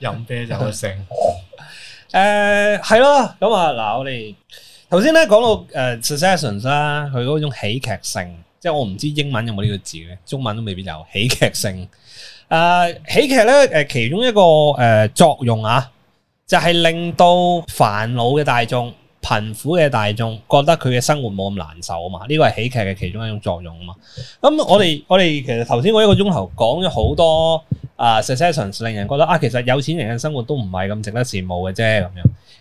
飲啤酒聲、 呃，誒係咯，咁啊嗱，我哋頭先咧講到誒、呃、Successions 啦，佢嗰種喜劇性，即係我唔知英文有冇呢個字咧，中文都未必有喜劇性。誒、呃、喜劇咧，誒其中一個誒、呃、作用啊，就係、是、令到煩惱嘅大眾、貧苦嘅大眾，覺得佢嘅生活冇咁難受啊嘛。呢個係喜劇嘅其中一種作用啊嘛。咁我哋我哋其實頭先嗰一個鐘頭講咗好多。啊、uh，Successions 令人覺得啊，其實有錢人嘅生活都唔係咁值得羨慕嘅啫，咁樣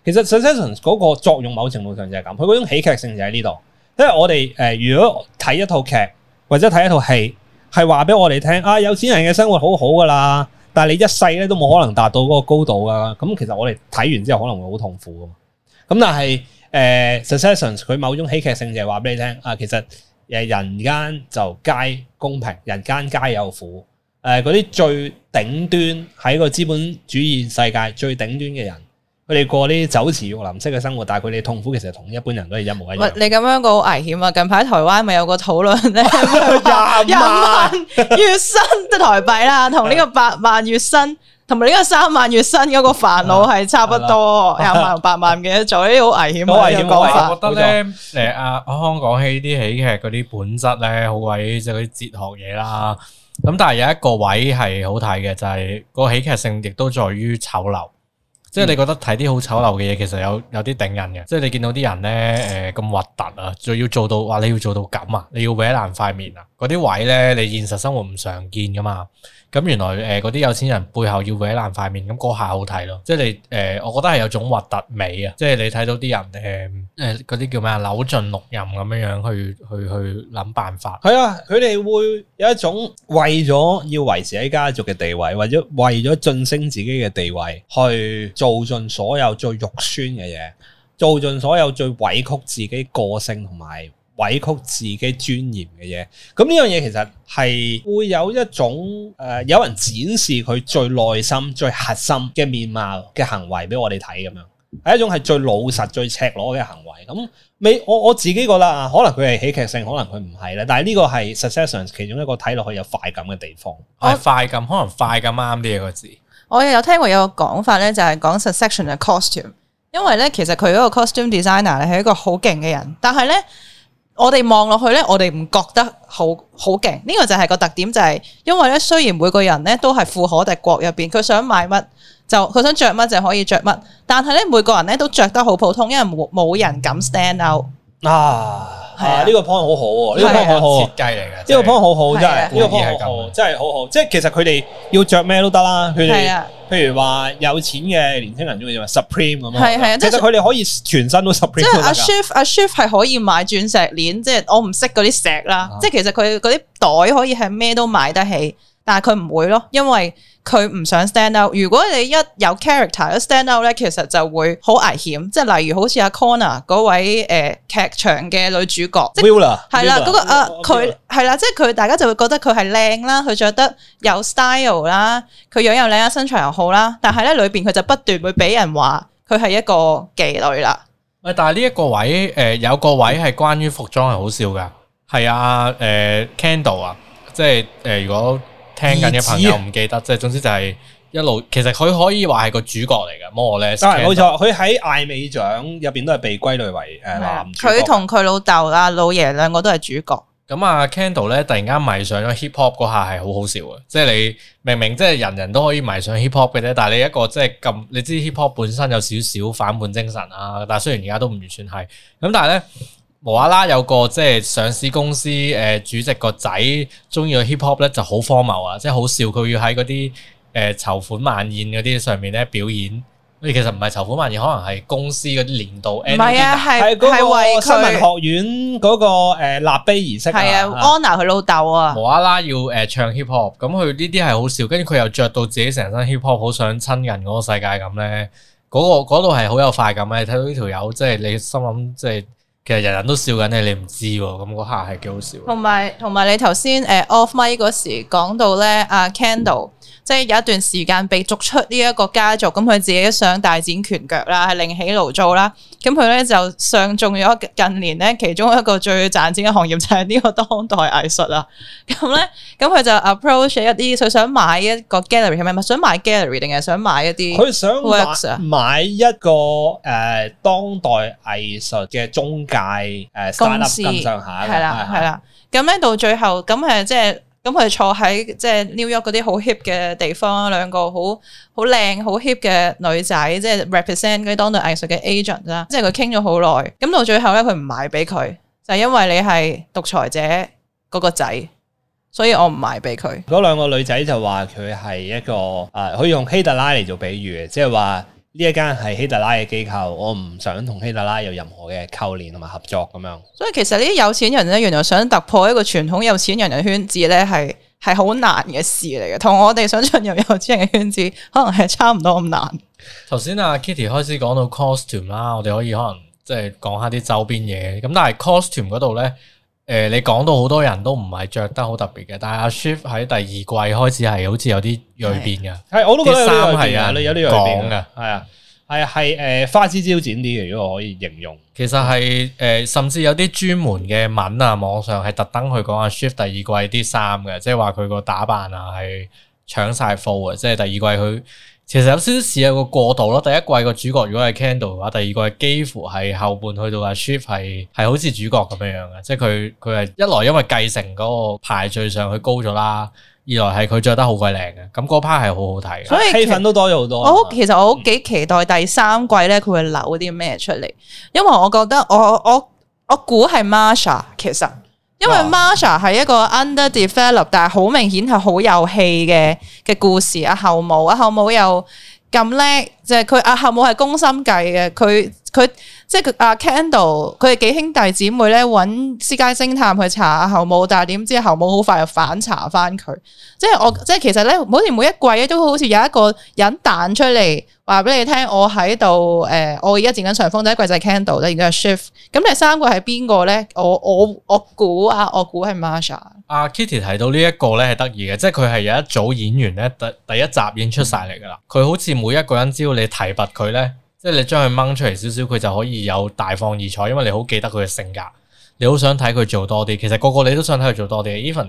其實 Successions 嗰個作用某程度上就係咁，佢嗰種喜劇性就喺呢度，因為我哋誒、呃、如果睇一套劇或者睇一套戲，係話俾我哋聽啊，有錢人嘅生活好好噶啦，但係你一世咧都冇可能達到嗰個高度啊。咁、嗯、其實我哋睇完之後可能會好痛苦噶，咁、嗯、但係誒、呃、Successions 佢某種喜劇性就係話俾你聽啊，其實誒人間就皆公平，人間皆有苦。誒，嗰啲、呃、最頂端喺個資本主義世界最頂端嘅人，佢哋過啲酒池肉林式嘅生活，但係佢哋痛苦其實同一般人都係一模一樣。你咁樣個好危險啊！近排台灣咪有個討論咧，廿、 啊、萬月薪都台幣啦，同呢個八萬月薪，同埋呢個三萬月薪嗰個煩惱係差不多。廿 萬,萬、八萬嘅做啲好危險、啊、好危險嘅、啊、講法。我覺得咧，阿康講起啲喜劇嗰啲本質咧，好鬼即係嗰啲哲學嘢啦。咁但係有一個位係好睇嘅，就係、是、個喜劇性亦都在於醜陋，即係你覺得睇啲好醜陋嘅嘢，其實有有啲頂人嘅，即係你見到啲人咧，誒咁核突啊，仲要做到，哇你要做到咁啊，你要搲爛塊面啊！嗰啲位咧，你現實生活唔常見噶嘛？咁原來誒，嗰、呃、啲有錢人背後要毀爛塊面，咁嗰下好睇咯。即係你誒、呃，我覺得係有種核突美啊！即係你睇到啲人誒誒，嗰、呃、啲、呃、叫咩啊？扭盡六壬咁樣樣去去去諗辦法。係啊，佢哋會有一種為咗要維持喺家族嘅地位，或者為咗為咗晉升自己嘅地位，去做盡所有最肉酸嘅嘢，做盡所有最委曲自己個性同埋。委屈自己尊嚴嘅嘢，咁呢樣嘢其實係會有一種誒、呃，有人展示佢最內心、最核心嘅面貌嘅行為俾我哋睇咁樣，係一種係最老實、最赤裸嘅行為。咁你我我自己覺得啊，可能佢係喜劇性，可能佢唔係咧。但係呢個係 Succession 其中一個睇落去有快感嘅地方，係快感，可能快感啱啲嘅字。我又有聽過有個講法咧，就係、是、講 Succession 嘅 costume，因為咧其實佢嗰個 costume designer 咧係一個好勁嘅人，但係咧。我哋望落去咧，我哋唔覺得好好勁。呢個就係個特點，就係因為咧，雖然每個人咧都係富可敵國入邊，佢想買乜就佢想着乜就可以着乜，但係咧每個人咧都着得好普通，因為冇冇人敢 stand out。啊啊！呢個 point 好好，呢個 point 好設計嚟嘅，呢個 point 好好真係，呢個 point 係真係好好。即係其實佢哋要着咩都得啦。佢哋譬如話有錢嘅年輕人中意買 Supreme 咁咯。係係啊，即係佢哋可以全身都 Supreme。即係阿 Shiv 阿 Shiv 係可以買鑽石鏈，即係我唔識嗰啲石啦。即係其實佢嗰啲袋可以係咩都買得起。但係佢唔會咯，因為佢唔想 stand out。如果你一有 character，一 stand out 咧，其實就會好危險。即係例如好似阿 Connor 嗰位誒、呃、劇場嘅女主角，Willa，係啦，嗰個佢係啦，即係佢大家就會覺得佢係靚啦，佢着得有 style 啦，佢樣又靚啦，身材又好啦。但係咧裏邊，佢就不斷會俾人話佢係一個妓女啦。喂，但係呢一個位誒、呃、有個位係關於服裝係好笑噶，係啊誒 Kendall 啊，呃呃、endo，即係誒、呃、如果。聽緊嘅朋友唔記得，即係總之就係一路，其實佢可以話係個主角嚟嘅。Kendall 冇錯，佢喺艾美獎入邊都係被歸類為誒男。佢同佢老豆啊、老爺兩個都係主角。咁啊，Kendall 咧突然間迷上咗 hip hop 嗰下係好好笑嘅，即係你明明即係人人都可以迷上 hip hop 嘅啫，但係你一個即係咁，你知 hip hop 本身有少少反叛精神啊，但係雖然而家都唔完全係咁，但係咧。 無啦啦有個即係上市公司誒、呃、主席個仔中意個 hip hop 咧，就好荒謬啊！即係好笑，佢要喺嗰啲誒籌款晚宴嗰啲上面咧，表演。其實唔係籌款晚宴，可能係公司嗰啲年度。唔係啊，係係為新聞學院嗰、嗰個、呃、立碑儀式。係啊，安娜佢老豆啊。無啦啦要誒唱 hip hop，咁佢呢啲係好笑。跟住佢又着到自己成身 hip hop，好想親近嗰個世界咁咧。嗰度係好有快感啊！你睇到呢條友即係你心諗即係。即即其實人人都笑緊你，你唔知喎，咁嗰下係幾好笑。同埋同埋，你頭先誒 off mic 嗰時講到咧，阿、uh, Candle。即係有一段時間被逐出呢一個家族，咁佢自己想大展拳腳啦，係另起爐灶啦。咁佢咧就上中咗近年咧其中一個最賺錢嘅行業就係、是、呢個當代藝術啦。咁咧， 咁佢就 approach 一啲，佢想買一個 gallery 係咪？想買 gallery 定係想買一啲？佢想買一個誒、呃、當代藝術嘅中介誒、呃、公司咁上下係啦係啦。咁咧到最後咁誒即係。咁佢坐喺即係紐約嗰啲好 hip 嘅地方，兩個好好靚好 hip 嘅女仔，即係 represent 嗰啲當代藝術嘅 agent 啦。即係佢傾咗好耐，咁到最後咧，佢唔賣俾佢，就係、因為你係獨裁者嗰個仔，所以我唔賣俾佢。嗰兩個女仔就話佢係一個、呃、可以用希特拉嚟做比喻，即係話。呢一間係希特拉嘅機構，我唔想同希特拉有任何嘅扣連同埋合作咁樣。所以其實呢啲有錢人咧，原來想突破一個傳統有錢人嘅圈子咧，係係好難嘅事嚟嘅。同我哋想進入有錢人嘅圈子，可能係差唔多咁難。頭先阿 Kitty 開始講到 costume 啦，我哋可以可能即係講下啲周邊嘢。咁但係 costume 嗰度咧。誒、呃，你講到好多人都唔係着得好特別嘅，但係阿 Shiv 喺第二季開始係好似有啲銳變嘅，係我都覺得有啲銳變啊，有呢樣嘅，係啊，係係誒花枝招展啲嘅，如果我可以形容。其實係誒、呃，甚至有啲專門嘅文啊，網上係特登去講阿 Shiv 第二季啲衫嘅，即係話佢個打扮啊係搶晒貨啊，即係第二季佢。其實有少少試有個過渡咯，第一季個主角如果係 Kendall 嘅話，第二季係幾乎係後半去到阿 Shiv 係係好似主角咁樣樣嘅，即係佢佢係一來因為繼承嗰個排序上去高咗啦，二來係佢着得那那好鬼靚嘅，咁嗰 part 係好好睇嘅，所以氣氛都多咗好多。我其實我好幾期待第三季咧，佢會扭啲咩出嚟。嗯、因為我覺得我我我估係 Marcia 其實。因為 Marsha 係一個 underdevelop，但係好明顯係好有戲嘅嘅故事。阿後母，阿後母又咁叻。即係佢阿後母係攻心計嘅，佢佢即係阿 Kendall，佢係幾兄弟姊妹咧，揾私家偵探去查阿後母，但係點知後母好快又反查翻佢。即係我、嗯、即係其實咧，好似每一季咧都好似有一個人彈出嚟話俾你聽、呃，我喺度誒，我而家剪緊長風第一季就係 Kendall 咧，而家係 Shift。咁第三個係邊個咧？我我我估啊，我估係 Marsha。阿 Kitty 提到呢一個咧係得意嘅，即係佢係有一組演員咧，第第一集演出晒嚟㗎啦。佢、嗯、好似每一個人知你提拔佢咧，即係你將佢掹出嚟少少，佢就可以有大放異彩。因為你好記得佢嘅性格，你好想睇佢做多啲。其實個個你都想睇佢做多啲。Even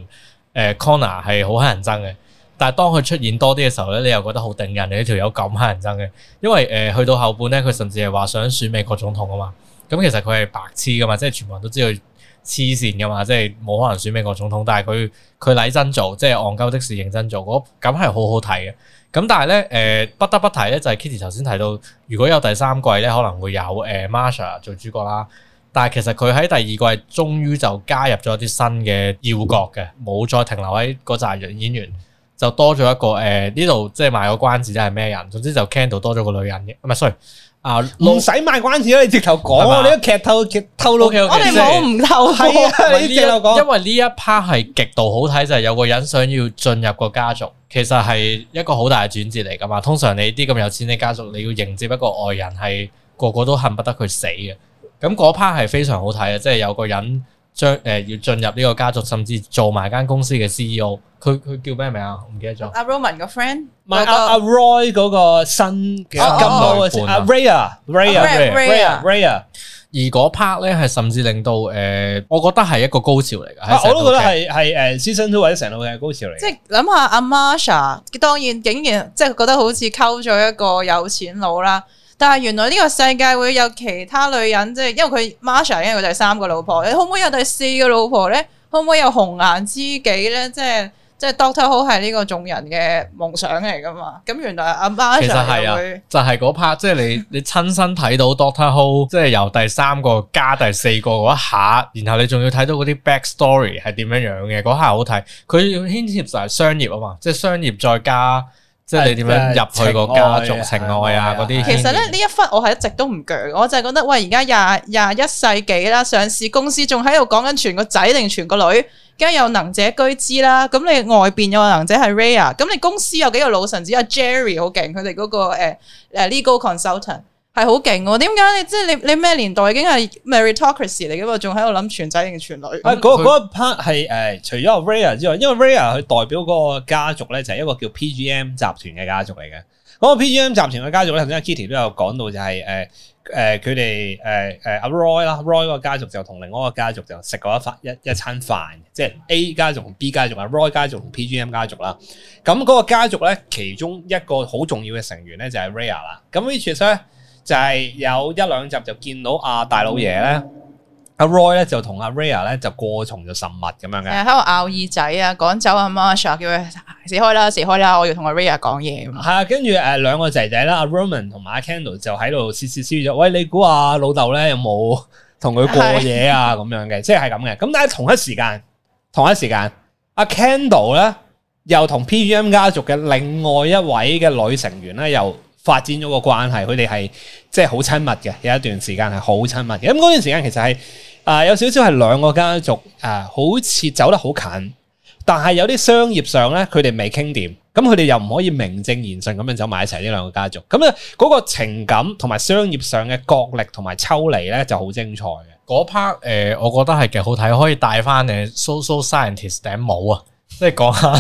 誒，Connor 係好乞人憎嘅，但係當佢出現多啲嘅時候咧，你又覺得好頂人。你條友咁乞人憎嘅，因為誒、呃、去到後半咧，佢甚至係話想選美國總統啊嘛。咁其實佢係白痴噶嘛，即係全部人都知佢黐線噶嘛，即係冇可能選美國總統。但係佢佢禮真做，即係戇鳩的事認真做，我咁係好好睇嘅。咁、嗯、但係咧，誒、呃、不得不提咧，就係、是、Kitty 頭先提到，如果有第三季咧，可能會有誒、呃、Marsha 做主角啦。但係其實佢喺第二季終於就加入咗啲新嘅要角嘅，冇再停留喺嗰扎人演員，就多咗一個誒，呢度即係賣個關子，即係咩人。總之就 Kendall 多咗個女人嘅，唔係 sorry。啊！唔使賣關子啦，你直頭講。吧你都劇透，劇透露。Okay, okay, 我哋冇唔透睇啊！你直頭講。因為呢一 part 係極度好睇，就係有個人想要進入個家族，其實係一個好大嘅轉折嚟㗎嘛。通常你啲咁有錢嘅家族，你要迎接一個外人，係個個都恨不得佢死嘅。咁嗰 part 係非常好睇嘅，即係有個人。將誒、呃、要進入呢個家族，甚至做埋間公司嘅 CEO，佢佢叫咩名我啊？唔記得咗。阿、那、Roman 個 friend，唔係阿 Roy 嗰個新嘅金女伴阿 Rhea 啊，Rhea 啊，Rhea 啊，Rhea 啊，哦哦、而嗰 part 咧係甚至令到誒、呃，我覺得係一個高潮嚟嘅。啊、我都覺得係係誒，season two 或者成套嘢嘅高潮嚟。即係諗下阿、啊、Marsha，當然竟然即係覺得好似溝咗一個有錢佬啦。但係原來呢個世界會有其他女人，即係因為佢 Marsha 因為佢第三個老婆，你可唔可以有第四個老婆咧？可唔可以有紅顏知己咧？即係即係 Doctor Who 係呢個眾人嘅夢想嚟噶嘛？咁原來阿 Marsha、啊、會就會就係嗰 part，即係你你親身睇到 Doctor Who，即係由第三個加第四個嗰下，然後你仲要睇到嗰啲 back story 係點樣樣嘅，嗰下好睇。佢牽涉晒商業啊嘛，即係商業再加。即係你點樣入去個家族情愛啊嗰啲？其實咧呢對 一忽我係一直都唔強，我就係覺得喂，而家廿廿一世紀啦，上市公司仲喺度講緊傳個仔定傳個女，梗係有能者居之啦。咁你外邊有能者係 Rhea，咁你公司有幾個老臣子阿 Jerry 好勁，佢哋嗰個誒、uh, legal consultant。係好勁，點解你即係你你咩年代已經係 Meritocracy 嚟嘅嘛？仲喺度諗全仔定全女？啊、那個，嗰嗰 part 係誒，除咗 Rhea 之外，因為 Rhea 佢代表嗰個家族咧，就係一個叫 PGM 集團嘅家族嚟嘅。咁個 PGM 集團嘅家族咧，頭先 Kitty 都有講到，就係誒誒，佢哋誒誒阿 Roy 啦，Roy 個家族就同、那個就是呃呃呃啊、另外一個家族就食過一飯一一餐飯，即、就、係、是、A 家族同 B 家族，阿 Roy 家族同 PGM 家族啦。咁、那、嗰個家族咧，其中一個好重要嘅成員咧，就係 Rhea 啦。咁 which 咧？就係有一兩集就見到阿大老爺咧，阿 Roy 咧就同阿 Rhea 咧就過從就甚密咁樣嘅，喺度咬耳仔啊，趕走阿媽啊，叫佢死開啦死開啦，我要同阿 Rhea 講嘢啊。係啊，跟住誒兩個仔仔啦，阿 Roman 同埋 Kendall 就喺度試試試咗，喂你估阿老豆咧有冇同佢過夜啊？咁樣嘅，即係係咁嘅。咁但係同一時間同一時間，阿 Kendall 咧又同 PGM 家族嘅另外一位嘅女成員咧又。發展咗個關係，佢哋係即係好親密嘅，有一段時間係好親密嘅。咁、嗯、嗰段時間其實係啊、呃，有少少係兩個家族啊、呃，好似走得好近，但係有啲商業上咧，佢哋未傾掂，咁佢哋又唔可以名正言順咁樣走埋一齊呢兩個家族。咁咧嗰個情感同埋商業上嘅角力同埋抽離咧，就好精彩嘅。嗰 part 誒，我覺得係幾好睇，可以帶翻你 social scientist 頂帽啊！即係講下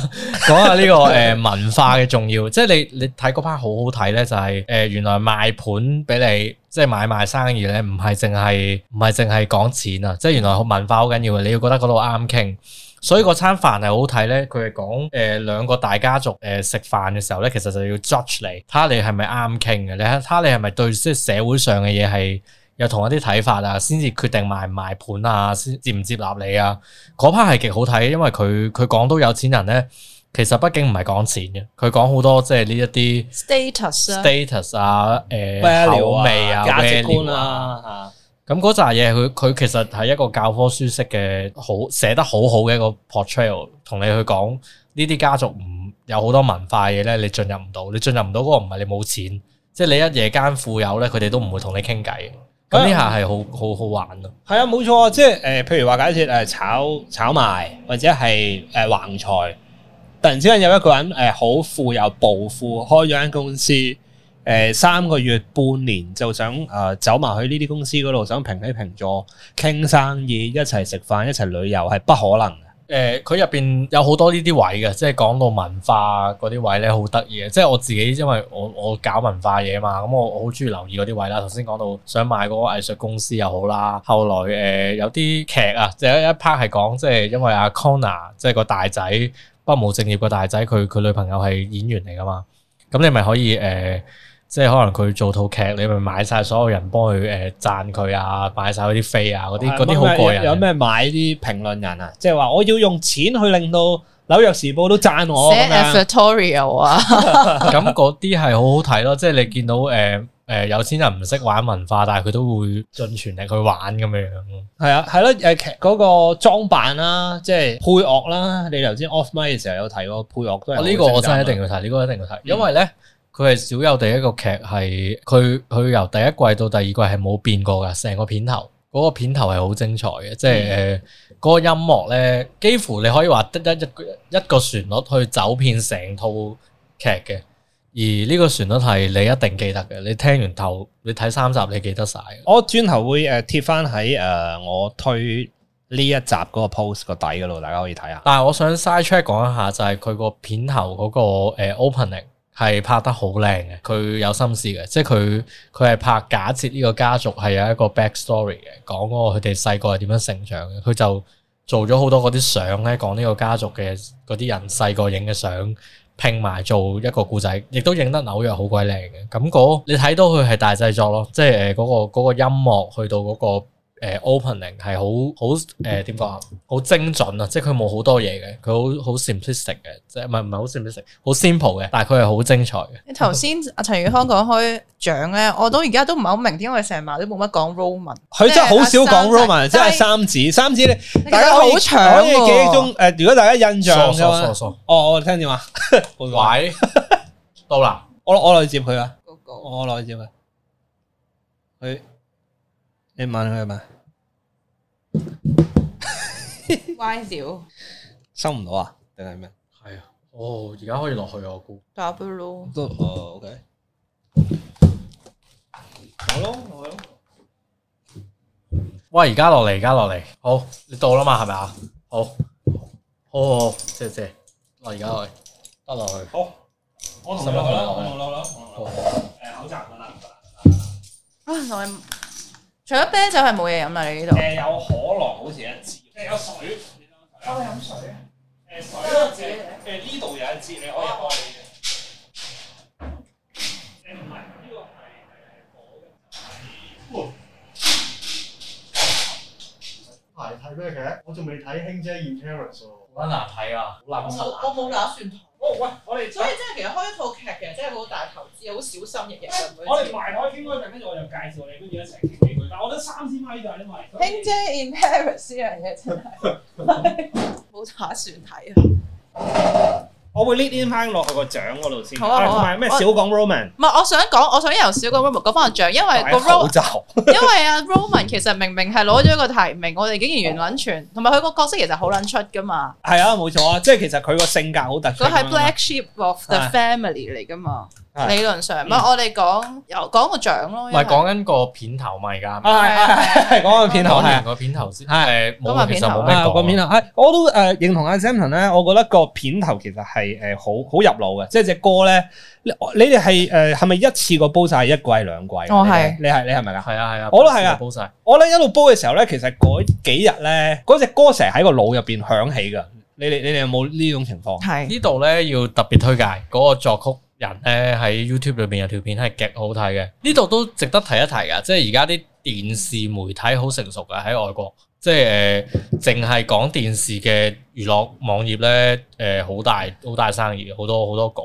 講下呢個誒文化嘅重要， 即係你你睇嗰 part 好好睇咧，就係誒原來賣盤俾你，即係買賣生意咧，唔係淨係唔係淨係講錢啊！即係原來文化好緊要，你要覺得嗰度啱傾，所以個餐飯係好睇咧。佢係講誒兩個大家族誒食飯嘅時候咧，其實就要 judge 你，睇下你係咪啱傾嘅，你睇下你係咪對即係社會上嘅嘢係。又同一啲睇法啊，先至決定買唔買盤啊，先接唔接納你啊？嗰 part 係極好睇，因為佢佢講到有錢人咧，其實畢竟唔係講錢嘅，佢講好多即係呢一啲 status、status 啊，誒口味啊、價值觀啊嚇。咁嗰扎嘢佢佢其實係一個教科書式嘅好寫得好好嘅一個 portrait，同你去講呢啲家族唔有好多文化嘢咧，你進入唔到，你進入唔到嗰個唔係你冇錢，即係你一夜間富有咧，佢哋都唔會同你傾偈。咁呢下係好好好玩咯，係啊，冇錯，即係誒、呃，譬如話假設誒炒炒賣或者係誒橫財，突然之間有一個人誒好、呃、富又暴富，開咗間公司，誒、呃、三個月半年就想誒、呃、走埋去呢啲公司嗰度，想平起平坐傾生意，一齊食飯，一齊旅遊係不可能。誒，佢入邊有好多呢啲位嘅，即係講到文化嗰啲位咧，好得意嘅。即係我自己，因為我我搞文化嘢嘛，咁我好中意留意嗰啲位啦。頭先講到想買嗰個藝術公司又好啦，後來誒、呃、有啲劇啊，有一一 part 係講，即係因為阿 Connor 即係個大仔，不務正業個大仔，佢佢女朋友係演員嚟㗎嘛，咁你咪可以誒？呃即係可能佢做套劇，你咪買晒所有人幫佢誒讚佢啊，買晒嗰啲飛啊，嗰啲啲好過癮。有咩買啲評論人啊？即係話我要用錢去令到紐約時報都讚我。寫 Editorial 啊！咁嗰啲係好好睇咯。即係你見到誒誒、呃呃、有錢人唔識玩文化，但係佢都會盡全力去玩咁樣樣。係 啊，係咯、啊。誒、啊，嗰、那個裝扮啦，即係配樂啦。你頭先 Off Mic 嘅時候有提過配樂都。我呢、哦這個我真係一定要睇，呢、這個一定要睇，因為咧。佢係少有第一個劇係佢佢由第一季到第二季係冇變過噶，成個片頭嗰、嗰個片頭係好精彩嘅，即係誒嗰個音樂咧，幾乎你可以話得一一個旋律去走遍成套劇嘅，而呢個旋律係你一定記得嘅。你聽完頭，你睇三集，你記得晒、呃。我轉頭會誒貼翻喺誒我推呢一集嗰個 post 個底嘅咯，大家可以睇下。但係我想 side track 講一下，就係佢個片頭嗰個 opening。係拍得好靚嘅，佢有心思嘅，即係佢佢係拍假設呢個家族係有一個 backstory 嘅，講嗰個佢哋細個係點樣成長嘅，佢就做咗好多嗰啲相咧，講呢個家族嘅嗰啲人細個影嘅相，拼埋做一個故仔，亦都影得紐約好鬼靚嘅，咁嗰，你睇到佢係大製作咯，即係誒嗰個嗰個音樂去到嗰個。誒，opening 係好好誒，點講啊？好精準啊！即係佢冇好多嘢嘅，佢好好 synthetic 嘅，即係唔係唔係好 synthetic，好 simple 嘅，但係佢係好精彩嘅。你頭先阿黃宇軒講開獎咧，我都而家都唔係好明，因為成日都冇乜講 Roman。佢真係好少講 Roman，即係三字三字，你大家好長嘅記憶中誒，如果大家印象嘅話，哦，聽住啊？喂，到啦，我我落去接佢啊！我落去接佢，佢。你問佢係咪？Why 少？收唔到啊？定係咩？係啊！哦，而家可以落去啊，我估。Double。得，誒，OK。好咯，好咯。喂，而家落嚟，而家落嚟。好，你到啦嘛？係咪啊？好，好，好，謝謝。我而家去，得落去。好，我同你落啦，我同你落啦，我同你。誒，口罩啊，唔得啊。啊，我唔。除咗啤酒係冇嘢飲啦，你呢度？誒、呃、有可樂，好似一支。誒、呃、有水。我飲水啊。誒水。誒呢度有一支，你可以開你嘅。係睇咩嘅？我仲未睇《Emily in Paris》喎。好難睇啊！好辣，我我冇打算。哦、喂，我哋所以真係、啊、其實開一套劇嘅真係好大投資，好小心翼翼。喂我哋埋台傾嗰陣，跟住我又介紹你跟住一齊傾幾句。但係我覺得三千蚊已經係啲賣。興姐 in Paris 呢樣嘢真係好差，冇打算睇 啊！我會 lead in 翻落個獎嗰度先，好啊，同埋咩小講 Roman 我。唔係我想講，我想由小講 Roman 嗰方面獎，因為個 Roman，因為阿 Roman 其實明明係攞咗一個提名，我哋竟然完撚全，同埋佢個角色其實好撚出噶嘛。係啊，冇錯啊，即係其實佢個性格好特殊。佢係 Black Sheep of the Family 嚟噶嘛。啊理論上，唔我哋講，又講個獎咯。唔係講緊個片頭咪噶？係係，講個片頭，講完個片頭先。係冇，其實冇咩講。個片頭，哎，我都誒認同阿 Samson 咧。我覺得個片頭其實係誒好好入腦嘅，即係隻歌咧。你哋係誒係咪一次過煲晒一季兩季？哦係，你係你係咪噶？係啊係啊，我都係啊。煲晒，我咧一路煲嘅時候咧，其實嗰幾日咧，嗰隻歌成日喺個腦入邊響起㗎。你哋你哋有冇呢種情況？係呢度咧要特別推介嗰個作曲。人咧喺 YouTube 裏邊有條片係極好睇嘅，呢度都值得提一提噶。即係而家啲電視媒體好成熟嘅，喺外國，即係淨係講電視嘅娛樂網頁呢，誒、呃，好大好大生意，好多好多稿。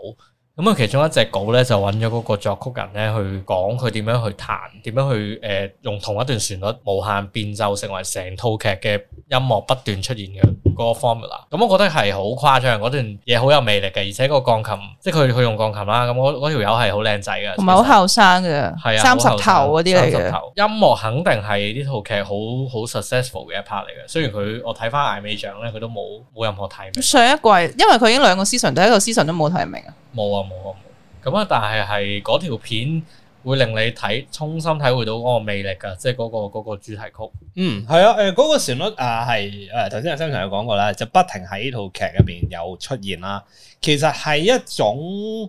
咁啊，其中一隻稿咧就揾咗嗰個作曲人咧去講佢點樣去彈，點樣去誒、呃、用同一段旋律無限變奏，成為成套劇嘅音樂不斷出現嘅嗰、嗰個 formula。咁、嗯、我覺得係好誇張，嗰段嘢好有魅力嘅，而且嗰個鋼琴，即係佢佢用鋼琴啦。咁嗰條友係好靚仔嘅，同埋好後生嘅，三十頭嗰啲嚟嘅。三十頭音樂肯定係呢套劇好好 successful 嘅一 part 嚟嘅。雖然佢我睇翻艾美獎咧，佢都冇冇任何提名。上一季因為佢已經兩個 season 第一個 season 都冇提名啊。冇啊冇啊冇！咁啊，但係係嗰條片會令你睇，衷心體會到嗰個魅力噶，即係嗰、嗰個、嗰個主題曲。嗯，係啊，誒、呃，嗰、嗰個旋律啊，係誒，頭、啊、先阿新強有講過啦，就不停喺呢套劇入邊有出現啦。其實係一種，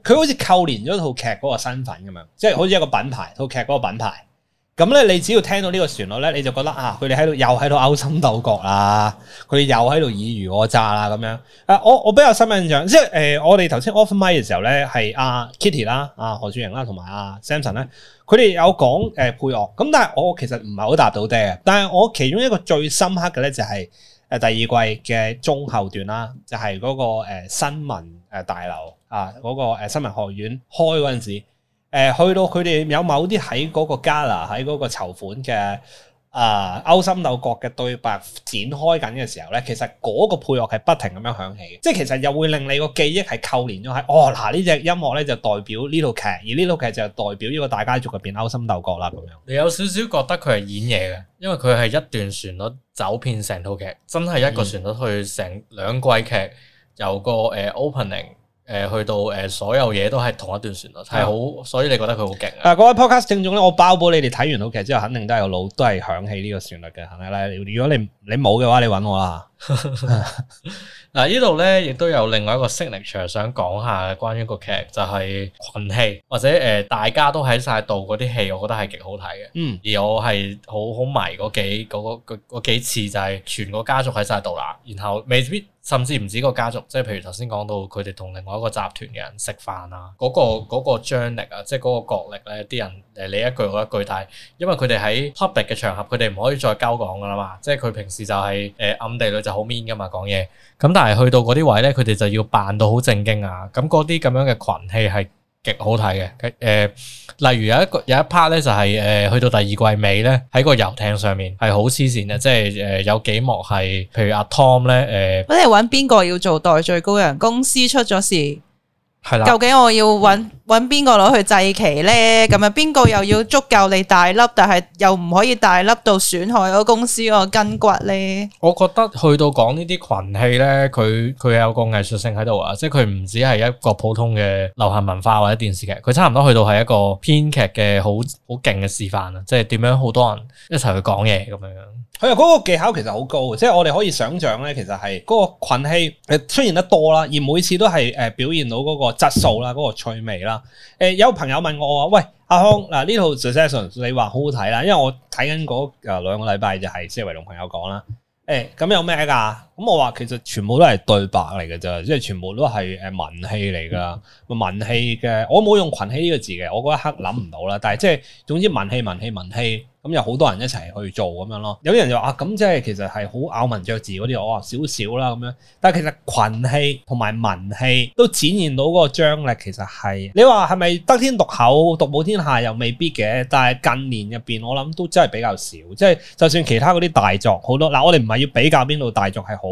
佢好似扣連咗套劇嗰個身份咁樣，即係好似一個品牌，套劇嗰個品牌。咁咧、嗯，你只要聽到呢個旋律咧，你就覺得啊，佢哋喺度又喺度勾心鬥角啦，佢哋又喺度以虞我詐啦咁樣。啊，我我，我比較深刻印象，即係誒、呃，我哋頭先 off mic 嘅時候咧，係阿、啊、Kitty 啦、阿、啊、何雪瑩啦同埋阿 Samson 咧，佢哋有講、啊、誒、呃、配樂。咁、嗯、但係我其實唔係好答到爹嘅。但係我其中一個最深刻嘅咧、就是，就係誒第二季嘅中後段啦，就係、是、嗰、那個、呃、新聞誒大樓啊，嗰、那個、呃、新聞學院開嗰陣時。誒去到佢哋有某啲喺嗰個 Gala 喺嗰個籌款嘅啊勾心鬥角嘅對白展開緊嘅時候咧，其實嗰個配樂係不停咁樣響起即係其實又會令你個記憶係扣連咗喺哦嗱呢隻音樂咧就代表呢套劇，而呢套劇就代表呢個大家族入邊勾心鬥角啦咁樣。你有少少覺得佢係演嘢嘅，因為佢係一段旋律走遍成套劇，真係一個旋律去成兩季劇有、嗯、個誒、uh, opening。誒、呃，去到誒、呃，所有嘢都係同一段旋律，係好，所以你覺得佢好勁啊？位、那個、podcast 聽眾咧，我包保你哋睇完套劇之後，肯定都有腦，都係響起呢個旋律嘅。咪嗱，如果你你冇嘅話，你搵我啦。嗱、 啊，呢度咧亦都有另外一個 signature 想講下關於個劇，關於個劇就係、是、群戲或者誒、呃，大家都喺晒度嗰啲戲，我覺得係極好睇嘅。嗯，而我係好好迷嗰幾嗰個個幾次就係全個家族喺晒度啦，然後未必。甚至唔止個家族，即係譬如頭先講到佢哋同另外一個集團嘅人食飯啊，嗰、那個嗰個張力啊，即係嗰個角力咧，啲人誒你一句我一句但係，因為佢哋喺 public 嘅場合，佢哋唔可以再交講噶啦嘛，即係佢平時就係、是、誒、呃、暗地裏就好 mean 噶嘛講嘢，咁但係去到嗰啲位咧，佢哋就要扮到好正經啊，咁嗰啲咁樣嘅群戲係。極好睇嘅，誒、呃，例如有一個有一 part 咧就係、是、誒、呃，去到第二季尾咧，喺個遊艇上面係好黐線嘅，即係誒、呃、有幾幕係，譬如阿、啊、Tom 咧，誒、呃，我哋揾邊個要做代罪羔羊，公司出咗事，係啦的，究竟我要揾？嗯搵邊個攞去祭旗咧？咁啊，邊個又要足夠你大粒，但係又唔可以大粒到損害我公司個筋骨咧？我，呢我覺得去到講呢啲群戲咧，佢佢有個藝術性喺度啊，即係佢唔止係一個普通嘅流行文化或者電視劇，佢差唔多去到係一個編劇嘅好好勁嘅示範啊！即係點樣好多人一齊去講嘢咁樣樣。係啊，嗰個技巧其實好高，即係我哋可以想象咧，其實係嗰個群戲誒出現得多啦，而每次都係誒表現到嗰個質素啦，嗰、嗰個趣味啦。誒、欸，有朋友問我話，喂，阿康嗱，呢套、The、Succession 你話好好睇啦，因為我睇緊嗰誒兩個禮拜就係即係同朋友講啦，誒、欸，咁有咩噶？咁、嗯、我話其實全部都係對白嚟嘅啫，即係全部都係誒文戲嚟噶， 文戲嘅，我冇用群戲呢個字嘅，我嗰一刻諗唔到啦。但係即係總之文戲文戲文戲，咁、嗯、有好多人一齊去做咁樣咯。有啲人就話啊，咁、嗯、即係其實係好咬文嚼字嗰啲，我話少少啦咁樣。但係其實群戲同埋文戲都展現到嗰個張力，其實係你話係咪得天獨厚，獨步天下又未必嘅。但係近年入邊，我諗都真係比較少，即係就算其他嗰啲大作好多嗱，我哋唔係要比較邊度大作係好。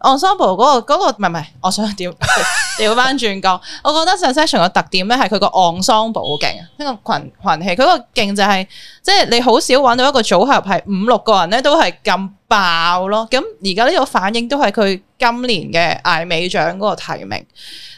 Ensemble 嗰個，嗰個唔係唔係，我想調調翻轉講，我覺得 Succession 嘅特點咧係佢個 ensemble 勁，呢個群群戲佢個勁就係、是，即係你好少揾到一個組合係五六個人咧都係咁爆咯，咁而家呢個反應都係佢今年嘅艾美獎嗰個提名，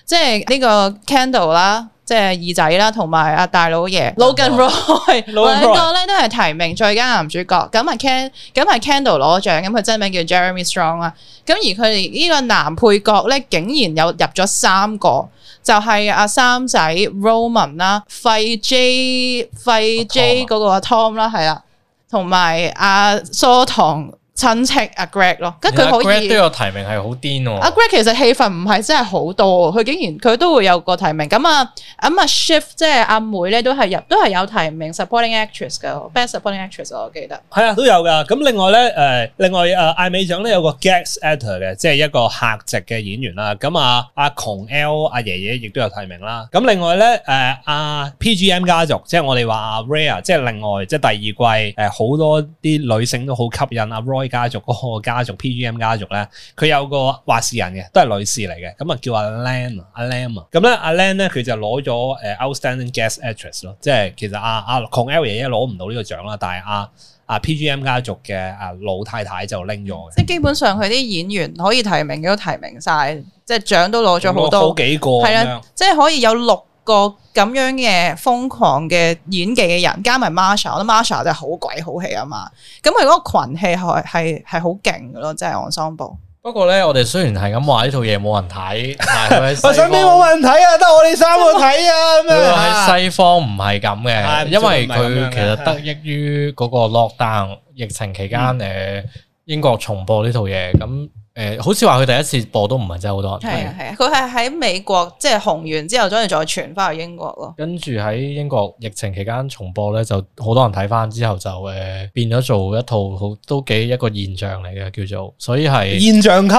即係呢個 candle 啦。即係二仔啦，同埋阿大老爺 Logan Roy，兩 Logan Roy, 個咧都係提名最佳男主角。咁係是 Ken，咁係 Kendall 攞獎。咁佢真名叫 Jeremy Strong 啦。咁而佢哋呢個男配角咧，竟然有入咗三個，就係、是、阿三仔 Roman 啦、啊，費 J 費 J 嗰、啊、個 Tom 啦、啊，係、啊、啦，同埋阿疏糖。親戚阿 Greg 咯，跟佢可以都有提名係好癲喎。阿 Greg 其實戲份唔係真係好多，佢竟然佢都會有個提名。咁啊，阿 Shiv 即係阿妹咧，都係入都係有提名 supporting actress 嘅 best supporting actress 我記得。係啊，都有噶。咁另外咧誒，另外誒艾美獎咧有個 guest actor 嘅，即係一個客席嘅演員啦。咁啊，阿窮 L 阿爺爺亦都有提名啦。咁另外咧誒，阿 PGM 家族即係我哋話阿 Rhea，即係另外即係第二季誒好多啲女性都好吸引阿、啊、Roy。家族嗰個家族 P G M 家族咧，佢有個話事人嘅，都係女士嚟嘅，咁啊叫阿 Len 阿 Len 啊，咁咧阿 Len 咧佢就攞咗誒 Outstanding Guest Actress 咯，即係其實阿阿 c o n L 爺也攞唔到呢個獎啦，但係阿阿 P G M 家族嘅阿老太太就拎咗。即係基本上佢啲演員可以提名嘅都提名晒，即係獎都攞咗好多，個好幾個係啊，即係可以有六。個咁樣嘅瘋狂嘅演技嘅人，加埋 Marsha，我諗 Marsha 真係好鬼好戲啊嘛。咁佢嗰個群戲係係係好勁咯，即係 Ensemble。不過咧，我哋雖然係咁話呢套嘢冇人睇，我身邊冇人睇啊，得我哋三個睇啊。喺 西方唔係咁嘅，因為佢其實得益於嗰個 lockdown 疫情期間，誒、嗯，英國重播呢套嘢咁。誒、呃，好似話佢第一次播都唔係真係好多人，係啊係啊，佢係喺美國即係紅完之後，再再傳翻去英國咯。跟住喺英國疫情期間重播咧，就好多人睇翻之後就誒變咗做一套好都幾一個現象嚟嘅，叫做所以係現象級，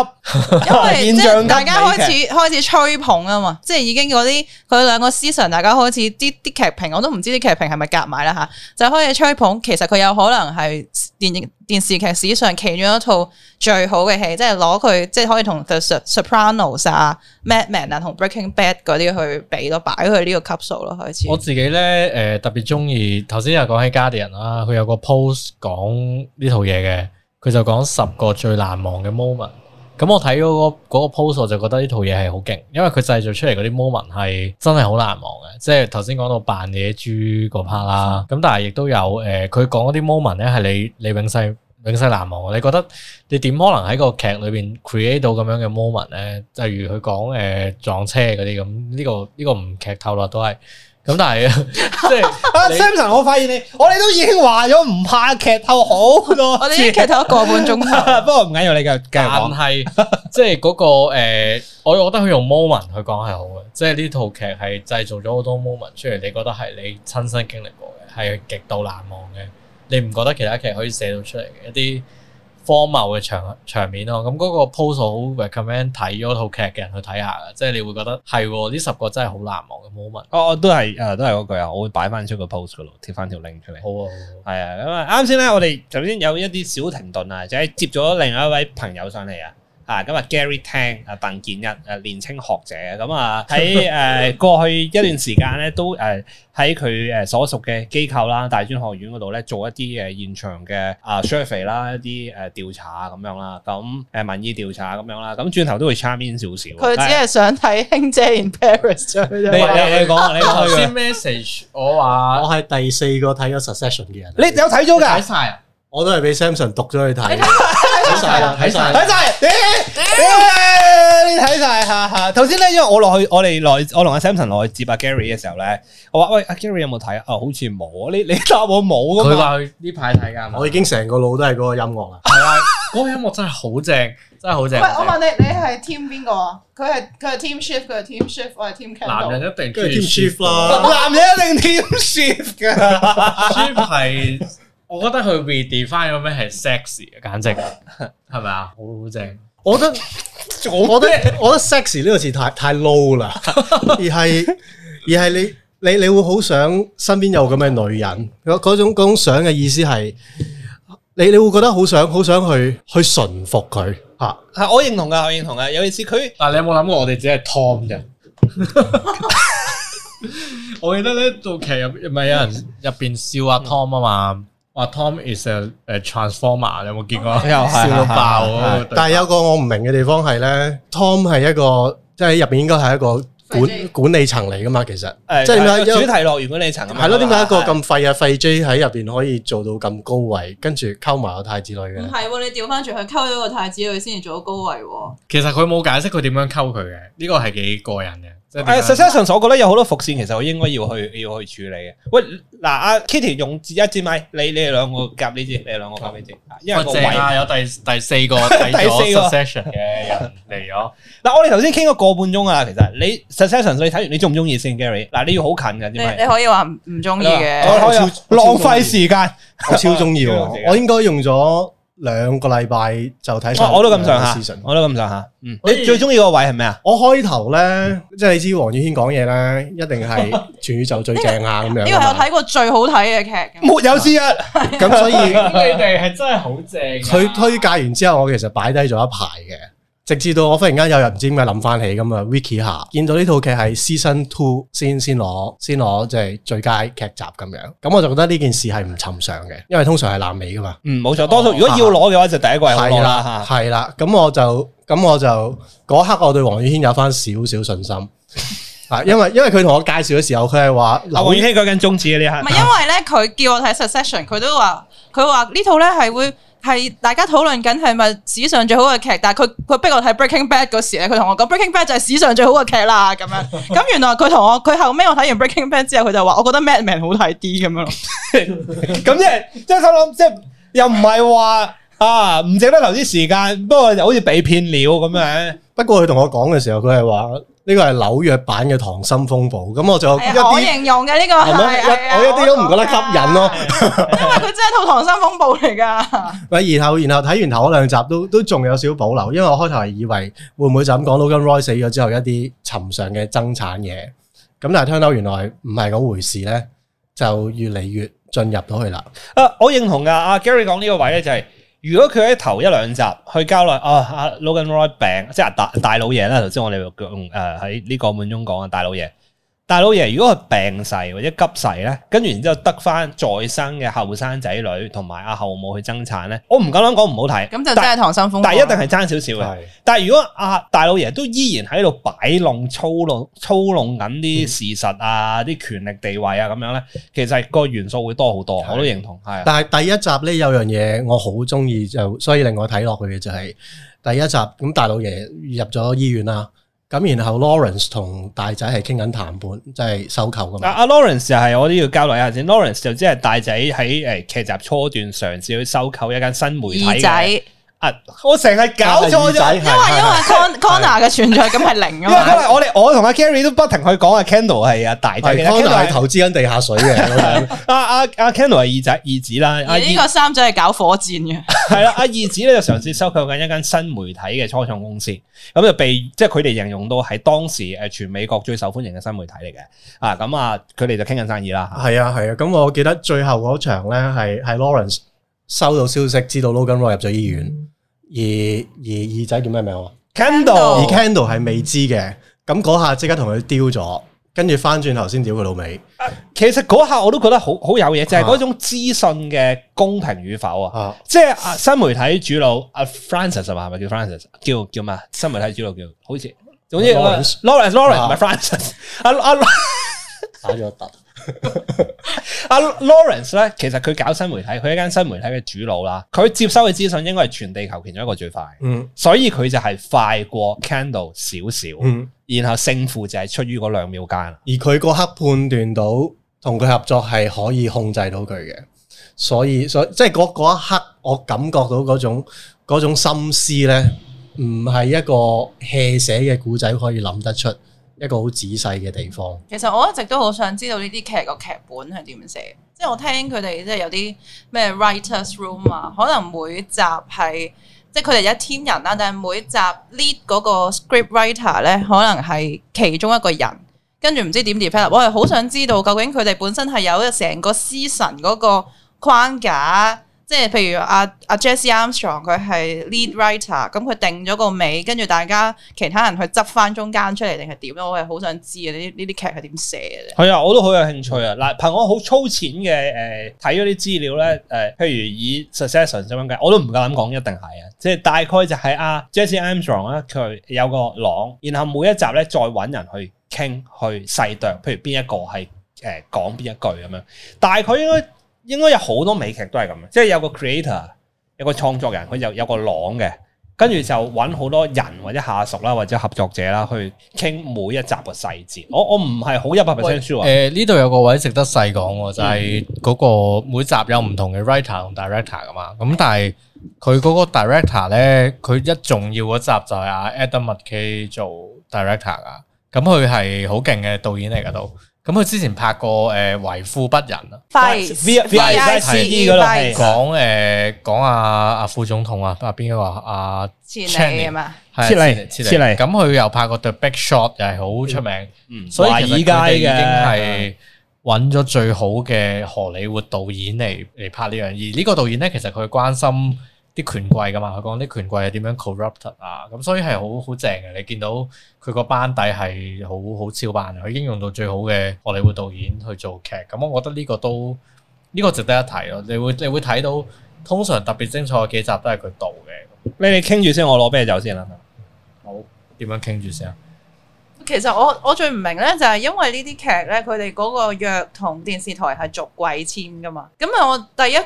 因為即係 大家開始，劇開,始開始吹捧啊嘛，即係已經嗰啲佢兩個 season，大家開始啲啲劇評，我都唔知啲劇評係咪夾埋啦吓，就開始吹捧，其實佢有可能係電影。電視劇史上其中一套最好嘅戲，即係攞佢，即係可以同 The Sopranos 啊、Madman 啊、同 Breaking Bad 嗰啲去比咯，擺佢呢個級數咯，開始。我自己咧，誒、呃、特別中意頭先又講起 g u 人啦，佢有個 post 講呢套嘢嘅，佢就講十個最難忘嘅 moment。咁、嗯、我睇嗰、嗰個 post、嗰個、我就覺得呢套嘢係好勁，因為佢製造出嚟嗰啲 moment 係真係好難忘嘅。即係頭先講到扮野豬嗰 part 啦，咁但係亦都有誒，佢、呃、講嗰啲 moment 咧係你你永世永世難忘嘅。你覺得你點可能喺個劇裏邊 create 到咁樣嘅 moment 咧？例如佢講誒撞車嗰啲咁，呢、呢個呢、呢個唔劇透啦，都係。咁但係即係、啊、 Samson，我發現你，我哋都已經話咗唔怕劇透好多次， 我哋已經劇透一個半鐘，不過唔緊要你嘅， 但係即係嗰個誒，我、呃、我覺得佢用 moment 去講係好嘅，即係呢套劇係製造咗好多 moment 出嚟。你覺得係你親身經歷過嘅，係極度難忘嘅，你唔覺得其他劇可以寫到出嚟嘅一啲？荒謬嘅場場面咯，咁、那、嗰個 post 好 recommend 睇嗰套劇嘅人去睇下，即係你會覺得係呢十個真係好難忘冇乜。哦，都係誒，都係嗰句啊，我，啊我會擺翻出個 post 嗰度貼翻條 link 出嚟、啊。好啊，係啊，咁啊啱先咧，我哋頭先有一啲小停頓啊，就係接咗另一位朋友上嚟啊。啊，咁啊、uh, Gary Tang 啊，鄧鍵一啊，年青學者咁啊，喺誒、啊、 過去一段時間咧，都誒喺佢誒所屬嘅機構啦、大專學院嗰度咧，做一啲誒現場嘅啊 survey 啦，一啲誒調查咁樣啦，咁、啊、誒、啊、民意調查咁樣啦，咁、啊、轉、啊、頭都會 c h a r m in 少少。佢只係想睇《兄姐 In Paris》對你。你你你講啊，你頭先 message 我話我係第四個睇咗 Succession 嘅人，你有睇咗㗎？睇晒啊！我都係俾 Samson 讀咗去睇。 睇晒，睇晒，睇晒，你睇晒吓吓。頭先咧，因為我落去，我哋來，我同阿 Samson 落去接阿 Gary 嘅時候咧，我話喂阿 Gary 有冇睇啊？啊，好似冇啊。你你答我冇噶嘛？佢話佢呢排睇噶。我已經成個腦都係嗰個音樂啊。係啊，嗰個音樂真係好正，真係好正。喂，我問你，你係 Team 邊個啊？佢係佢係 Team Shift 佢係 Team Shift 我係 Team captain 男人一定 Team Shift 啦。男人一定 Team Shift 噶。Chief 係。我覺得佢 redefine 咗咩係 sexy 啊，簡直啊，係咪啊，好好正。我覺得，我覺得，我覺得 sexy 呢個詞太太 low 啦， 而係而係你你你會好想身邊有咁嘅女人，嗰嗰種種想嘅意思係，你你會覺得好想好想去去馴服佢，吓、啊、吓、啊，我認同噶，我認同噶，有意思佢。嗱、啊，你有冇諗過我哋只係 Tom 啫？ 我記得咧，部劇入面唔係有人入邊笑阿、啊、Tom 啊嘛？話 Tom is a 誒、uh, transformer，你有冇見過？啊、笑到爆！但係有個我唔明嘅地方係咧，Tom 係一個即係喺入邊應該係一個管管理層嚟噶嘛，其實即係點解？主題樂園管理層係咯，點解一個咁廢啊廢 J 喺入邊可以做到咁高位，跟住溝埋個太子女嘅？唔係、啊，你調翻轉佢溝咗個太子女先至做到高位。嗯、其實佢冇解釋佢點樣溝佢嘅，呢、這個係幾過癮嘅。誒 Succession 我覺得有好多伏線，其實我應該要去要去處理嘅。喂，嗱，阿、啊、Kitty 用一支咪，你你哋兩個夾呢支， 你哋兩個夾呢支，因為個位、啊、有第第四，第四個，第四個 Succession 嘅人嚟咗。嗱，我哋頭先傾咗個半鐘啊，其實你 Succession 你睇完你中唔中意先，Gary。嗱，你要好近嘅，你可以話唔中意嘅，我超浪費時間，我超中意，我應該用咗。兩個禮拜就睇晒。哦，我都咁上吓，我都咁上下。嗯，你最中意個位係咩啊？我開頭咧，即係、嗯、你知，黃宇軒講嘢咧，一定係全宇宙最正啊！咁樣、 這個，呢、這個係我睇過最好睇嘅劇，沒有之一，啊。咁 所以你哋係真係好正。佢推介完之後，我其實擺低咗一排嘅。直至到我忽然間有人唔知點解諗翻起咁啊，Wiki 下，見到呢套劇係 Season Two 先先攞先攞即係最佳劇集咁樣，咁我就覺得呢件事係唔尋常嘅，因為通常係爛尾噶嘛。嗯，冇錯，多數、哦、如果要攞嘅話、啊、就第一季好攞啦。係啦的，咁我就咁我就嗰刻我對黃宇軒有翻少少信心啊， 因為因為佢同我介紹嘅時候，佢係話黃宇軒嗰根中指呢係咪？因為咧佢叫我睇 Succession，佢都話佢話呢套咧係會。係大家討論緊係咪史上最好嘅劇？但係佢佢逼我睇 Breaking Bad 嗰時咧，佢同我講 Breaking Bad 就係史上最好嘅劇啦咁樣。咁原來佢同我佢後尾我睇完 Breaking Bad 之後，佢就話我覺得 Mad Men 好睇啲咁樣。咁即係即係心諗，即係又唔係話啊唔值得投資時間，不過又好似被騙了咁樣。不過佢同我講嘅時候，佢係話。呢個係紐約版嘅《溏心風暴》，咁我就一啲形容嘅呢個係，我一啲都唔覺得吸引咯，因為佢真係套《溏心風暴》嚟噶。喂，然後然後睇完頭嗰兩集，都都仲有少少保留，因為我開頭係以為會唔會就咁講，Logan Roy 死咗之後一啲尋常嘅爭產嘢，咁但係聽到原來唔係嗰回事咧，就越嚟越進入到去啦。 啊，我認同噶，阿 Gary 講呢個位咧就係、是。如果佢喺頭一兩集去交代，啊，Logan Roy 病，即係大大老爺啦。頭先我哋用誒喺呢個滿中講緊，大老爺。大老爺，如果係病逝或者急逝咧，跟住然之後得翻再生嘅後生仔女同埋阿後母去爭產咧，嗯、我唔敢講講唔好睇，咁、嗯、但就真係溏心風暴。但係一定係爭少少嘅。是但係如果阿大老爺都依然喺度擺弄、操弄、操弄緊啲事實啊、啲權力地位啊咁樣咧，嗯、其實個元素會多好多，我都認同。係的。的但係第一集咧，有樣嘢我好中意，就所以令我睇落去嘅就係、是、第一集咁大老爺入咗醫院啦。咁然後 Lawrence 同大仔係傾緊談判，就係、是、收購噶嘛。啊，Lawrence 就係、是、我都要交代一下先。Lawrence 就即係大仔喺誒、哎、劇集初段嘗試去收購一間新媒體嘅啊！我成日搞錯咗，因為因為 Conner 嘅存在咁係零啊。 因為我哋我同阿 Gary 都不停去講阿 Kendall 係阿大仔咧，佢係投資緊地下水嘅。阿阿阿 Kendall 係二仔二子啦。呢個三仔係搞火箭嘅。係啦、 啊，阿二子咧就嘗試收購緊一間新媒體嘅初創公司，咁就 被即係佢哋形容到喺當時誒全美國最受歡迎嘅新媒體嚟嘅。啊，咁啊，佢哋就傾緊生意啦。係啊，係啊。咁我記得最後嗰場咧係係 Lawrence。收到消息，知道 Logan Roy 入咗醫院，而，而耳耳仔叫咩名？Candle, Candle 而 Candle 係未知嘅，咁嗰下即刻同佢丟咗，跟住翻轉頭先屌佢老味。其實嗰下我都覺得好好有嘢，啊、就係嗰種資訊嘅公平與否啊！即係新媒體主腦阿、啊、Francis 係咪叫 Francis 叫叫咩？新媒體主腦叫，好似總之，Lawrence Lawrence 唔係、啊、Francis 阿阿、啊，阿我得。 打阿 Lawrence 咧，其實佢搞新媒體，佢一間新媒體嘅主腦啦。佢接收嘅資訊應該係全地球其中一個最快，嗯，所以佢就係快過 Kendall 少少，嗯，然後勝負就係出於嗰兩秒間。而佢嗰刻判斷到同佢合作係可以控制到佢嘅，所以所以即係嗰一刻，我感覺到嗰種嗰種心思咧，唔係一個戲寫嘅古仔可以諗得出。一個好仔細嘅地方。其實我一直都好想知道呢啲劇個劇本係點寫。即係我聽佢哋即係有啲咩 writers room 啊，可能每集係即係佢哋一 team 人啦，但係每集 lead 嗰個 script writer 咧，可能係其中一個人，跟住唔知點 develop。我係好想知道究竟佢哋本身係有成個 season 嗰個框架。即係譬如阿阿、啊啊、Jesse Armstrong 佢係 lead writer，咁、嗯、佢定咗個尾，跟住大家其他人去執翻中間出嚟定係點咧？我係好想知啊！呢呢啲劇係點寫嘅咧？係啊，我都好有興趣啊！嗱，憑我好粗淺嘅誒睇咗啲資料咧，誒、呃、譬如以 Succession 點樣計，我都唔夠膽講一定係啊！即係大概就係阿、啊、Jesse Armstrong 佢有個朗，然後每一集咧再揾人去傾去細度，譬如邊一個係誒、呃、講邊一句咁樣，大概應該、嗯。應該有好多美劇都係咁嘅，即係有個 creator，有個創作人，佢就有個朗嘅，跟住就揾好多人或者下屬啦，或者合作者啦，去傾每一集嘅細節。我我唔係好一百 percent sure 誒，呢度、呃、有個位值得細講喎，就係、是、嗰個每集有唔同嘅 writer 同 director 噶嘛。咁但係佢嗰個 director 咧，佢一重要嗰集就係阿 Adam McKay 做 director 啊。咁佢係好勁嘅導演嚟噶都。嗯咁佢之前拍過誒為富不仁啊，VICE 嗰度講誒講阿阿副總統啊，邊個啊阿切尼係嘛？切尼切尼，咁佢又拍過 The Big Shot 又係好出名，嗯嗯、所以而家已經係揾咗最好嘅荷里活導演嚟嚟拍呢樣嘢，而呢個導演咧，其實佢關心。啲權貴噶嘛，佢講啲權貴係點樣 corrupted 啊，咁所以係好好正嘅。你見到佢個班底係好好超班，佢已經用到最好嘅荷里活導演去做劇，咁我覺得呢個都呢個值得一提咯。你會你會睇到通常特別精彩嘅幾集都係佢導嘅。你你傾住先，我攞啤酒先啦。好，點樣傾住先啊？其實我我最唔明咧，就係因為呢啲劇咧，佢哋嗰個約同電視台係逐季簽㗎嘛。咁啊，我第一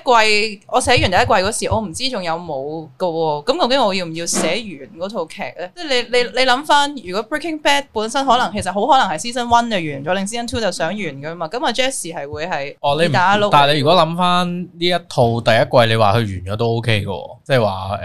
季我寫完第一季嗰時，我唔知仲有冇個喎。咁究竟我要唔要寫完嗰套劇咧？即、就、係、是、你你你諗翻，如果 Breaking Bad 本身可能其實好可能係 Season One 就完咗，令 Season Two 就想完㗎嘛。咁啊，Jesse 係會係哦，你打攏。但係你如果諗翻呢一套第一季，你話佢完咗都 OK 嘅，即係話誒，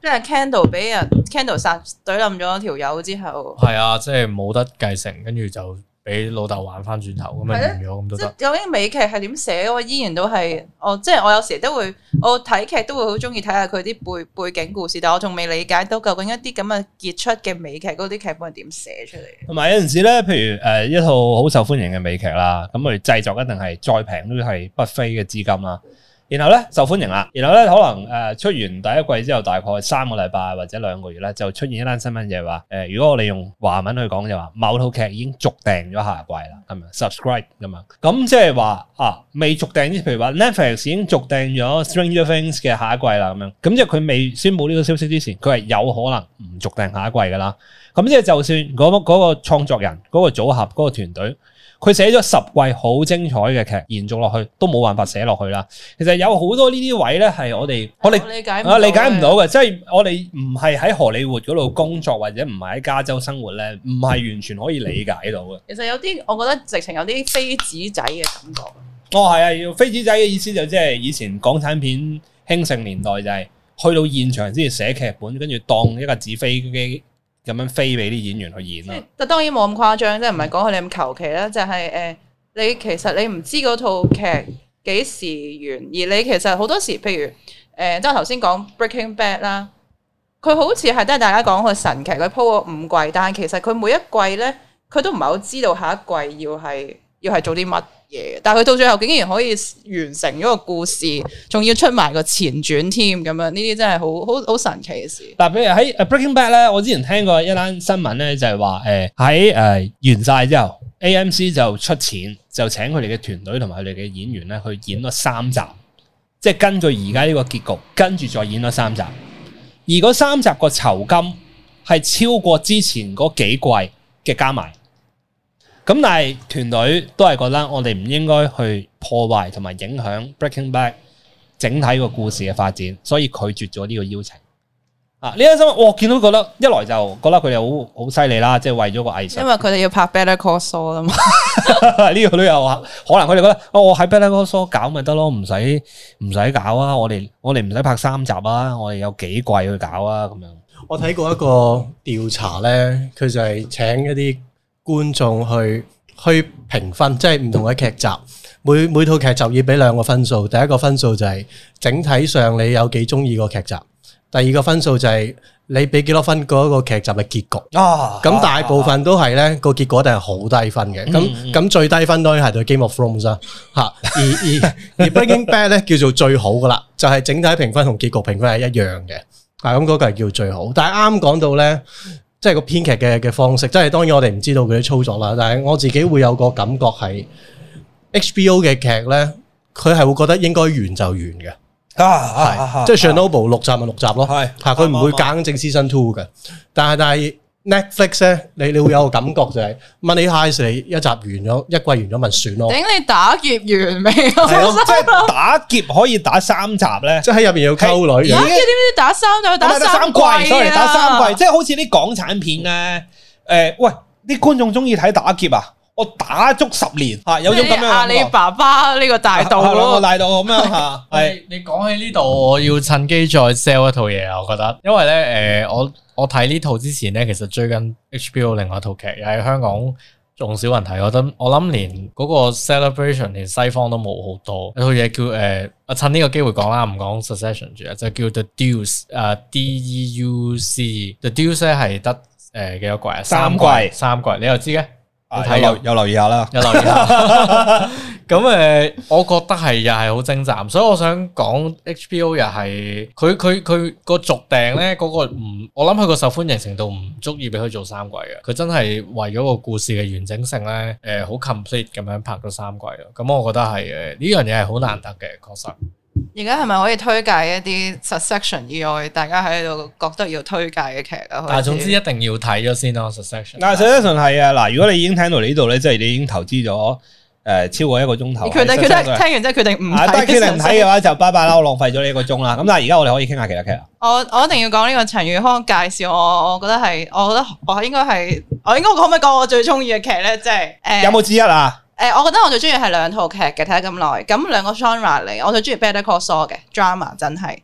即、呃、係 Candle 俾人 Candle 殺懟冧咗條友之後，係、嗯、啊，即係冇。冇得繼承，跟住就俾老豆玩翻轉頭咁啊，樣完咗咁都得。的究竟美劇係點寫，我依然都係我，即係我有時都會，我睇劇都會好中意睇下佢啲背背景故事，但係我仲未理解到究竟一啲咁嘅傑出嘅美劇嗰啲劇本係點寫出嚟。同埋、嗯、有陣時咧，譬如誒、呃、一套好受歡迎嘅美劇啦，咁佢製作一定係再平都係不菲嘅資金啦。嗯然後咧受歡迎啦，然後咧可能誒、呃、出完第一季之後，大概三個禮拜或者兩個月咧就出現一單新聞嘢話，誒、呃、如果我哋用華文去講就話，某套劇已經續訂咗下一季啦，咁樣 subscribe 咁樣，咁即係話啊未續訂，譬如話 Netflix 已經續訂咗 Stranger Things 嘅下一季啦，咁樣，咁即係佢未宣布呢個消息之前，佢係有可能唔續訂下一季噶啦，咁即係就算嗰個、那個嗰個創作人、嗰個、那個組合、嗰個、那個團隊。佢寫咗十季好精彩嘅劇，延續落去都冇辦法寫落去啦。其實有好多呢啲位咧，係、嗯、我哋我哋啊理解唔到嘅，啊、即係我哋唔係喺荷里活嗰度工作或者唔係喺加州生活咧，唔係完全可以理解到嘅。其實有啲，我覺得直情有啲飛紙仔嘅感覺。哦，係啊，要飛紙仔嘅意思就即係以前港產片興盛年代就係、是、去到現場先至寫劇本，跟住當一個紙飛機。咁樣飛俾啲演員去演咯，嗯，但當然冇咁誇張，即係唔係講佢哋咁求其啦。就係、是、誒、呃、你其實你唔知嗰套劇幾時完，而你其實好多時，譬如誒，即係頭先講 Breaking Bad 啦，佢好似係都係大家講個神劇，佢鋪過五季，但係其實佢每一季咧，佢都唔係好知道下一季要係，要係做啲乜嘢？但係佢到最後竟然可以完成咗個故事，仲要出埋個前傳添咁樣，呢啲真係好好好神奇嘅事。嗱，比如喺《Breaking Bad》咧，我之前聽過一單新聞咧，就係話誒喺誒完曬之後，AMC 就出錢就請佢哋嘅團隊同埋佢哋嘅演員咧去演咗三集，即係根據而家呢個結局，跟住再演咗三集。而嗰三集個酬金係超過之前嗰幾季嘅加埋。咁但係團隊都係覺得我哋唔應該去破壞同埋影響 Breaking Bad 整體個故事嘅發展，所以拒絕咗呢個邀請。啊！呢一生我見到覺得一來就覺得佢哋好好犀利啦，即係、就是、為咗個藝術，因為佢哋要拍 Better Call Saul 啊嘛 。呢 個都有啊，可能佢哋覺得哦，我喺 Better Call Saul 搞咪得咯，唔使唔使搞啊！我哋我哋唔使拍三集啊，我哋有幾季去搞啊咁樣。我睇過一個調查咧，佢就係請一啲。觀眾去去評分，即係唔同嘅劇集，每每套劇集要俾兩個分數。第一個分數就係整體上你有幾中意個劇集，第二個分數就係你俾幾多分嗰個劇集嘅結局。啊，咁大部分都係咧個結果，一定係好低分嘅。咁咁最低分當然係對 Game of Thrones 吓，而而而 Breaking Bad 咧叫做最好噶啦，就係整體評分同結局評分係一樣嘅。啊，咁嗰個係叫最好。但係啱講到咧。即係個編劇嘅嘅方式，即係當然我哋唔知道佢啲操作啦，但係我自己會有個感覺係 HBO 嘅劇咧，佢係會覺得應該完就完嘅，係、啊啊、是即係 Chernobyl 六集咪六集咯，係佢唔會更正 Season Two 嘅，但係、啊啊啊、但係。Netflix 咧，你你會有個感覺就係 Money Heist，一集完咗，一季完咗咪算咯。頂，你打劫完未？ 即係打劫可以打三集咧， 即係喺入面要溝女。點點的經知打三打打三季，sorry，打三季，即係好似啲港產片咧、啊。誒、呃、喂，啲觀眾中意睇打劫啊！我打足十年，有咗咁樣。阿你爸爸呢個大盜咯，大盜咁樣吓。係你講起呢度，我要趁機再 sell 一套嘢啊！我覺得，因為咧，誒，我我睇呢套之前咧，其實最近 HBO 另外一套劇又喺香港仲少人睇。我諗我諗連嗰個 Celebration 連西方都冇好多一套嘢叫誒，我趁呢個機會講啦，唔講 Succession 住啊，就叫 The Deuce，誒，D E U C，The Deuce 咧係得誒幾多季啊？三季，三季，你又知嘅？有有留意下啦，有留意下。咁誒， 我覺得係又係好精湛，所以我想講 HBO 又係佢佢佢個續訂咧，嗰個唔，我諗佢個受歡迎程度唔足以俾佢做三季嘅。佢真係為咗個故事嘅完整性咧，誒、呃，好 complete 咁樣拍咗三季咯。咁我覺得係誒，呢樣嘢係好難得嘅，確實。而家係咪可以推介一啲 Succession 以外，大家喺度覺得要推介嘅劇啊？但係總之一定要睇咗先咯，Succession。嗱 Succession 係啊，嗱但如果你已經聽到呢度咧，即係你已經投資咗誒超過一個鐘頭。佢哋佢真係聽完即係決定唔，但係決定唔睇嘅話就拜拜啦， 我浪費咗呢一個鐘啦。咁但係而家我哋可以傾下其他劇啊。我我一定要講呢個陳宇康介紹，我我覺得係，我覺得我應該係，我應該可唔可以講我最中意嘅劇咧？即係、呃、有冇之一啊？ 誒，我覺得我最中意係兩套劇嘅，睇咗咁耐，咁兩個 genre 嚟，我最中意 Better Call Saul 嘅 drama，真係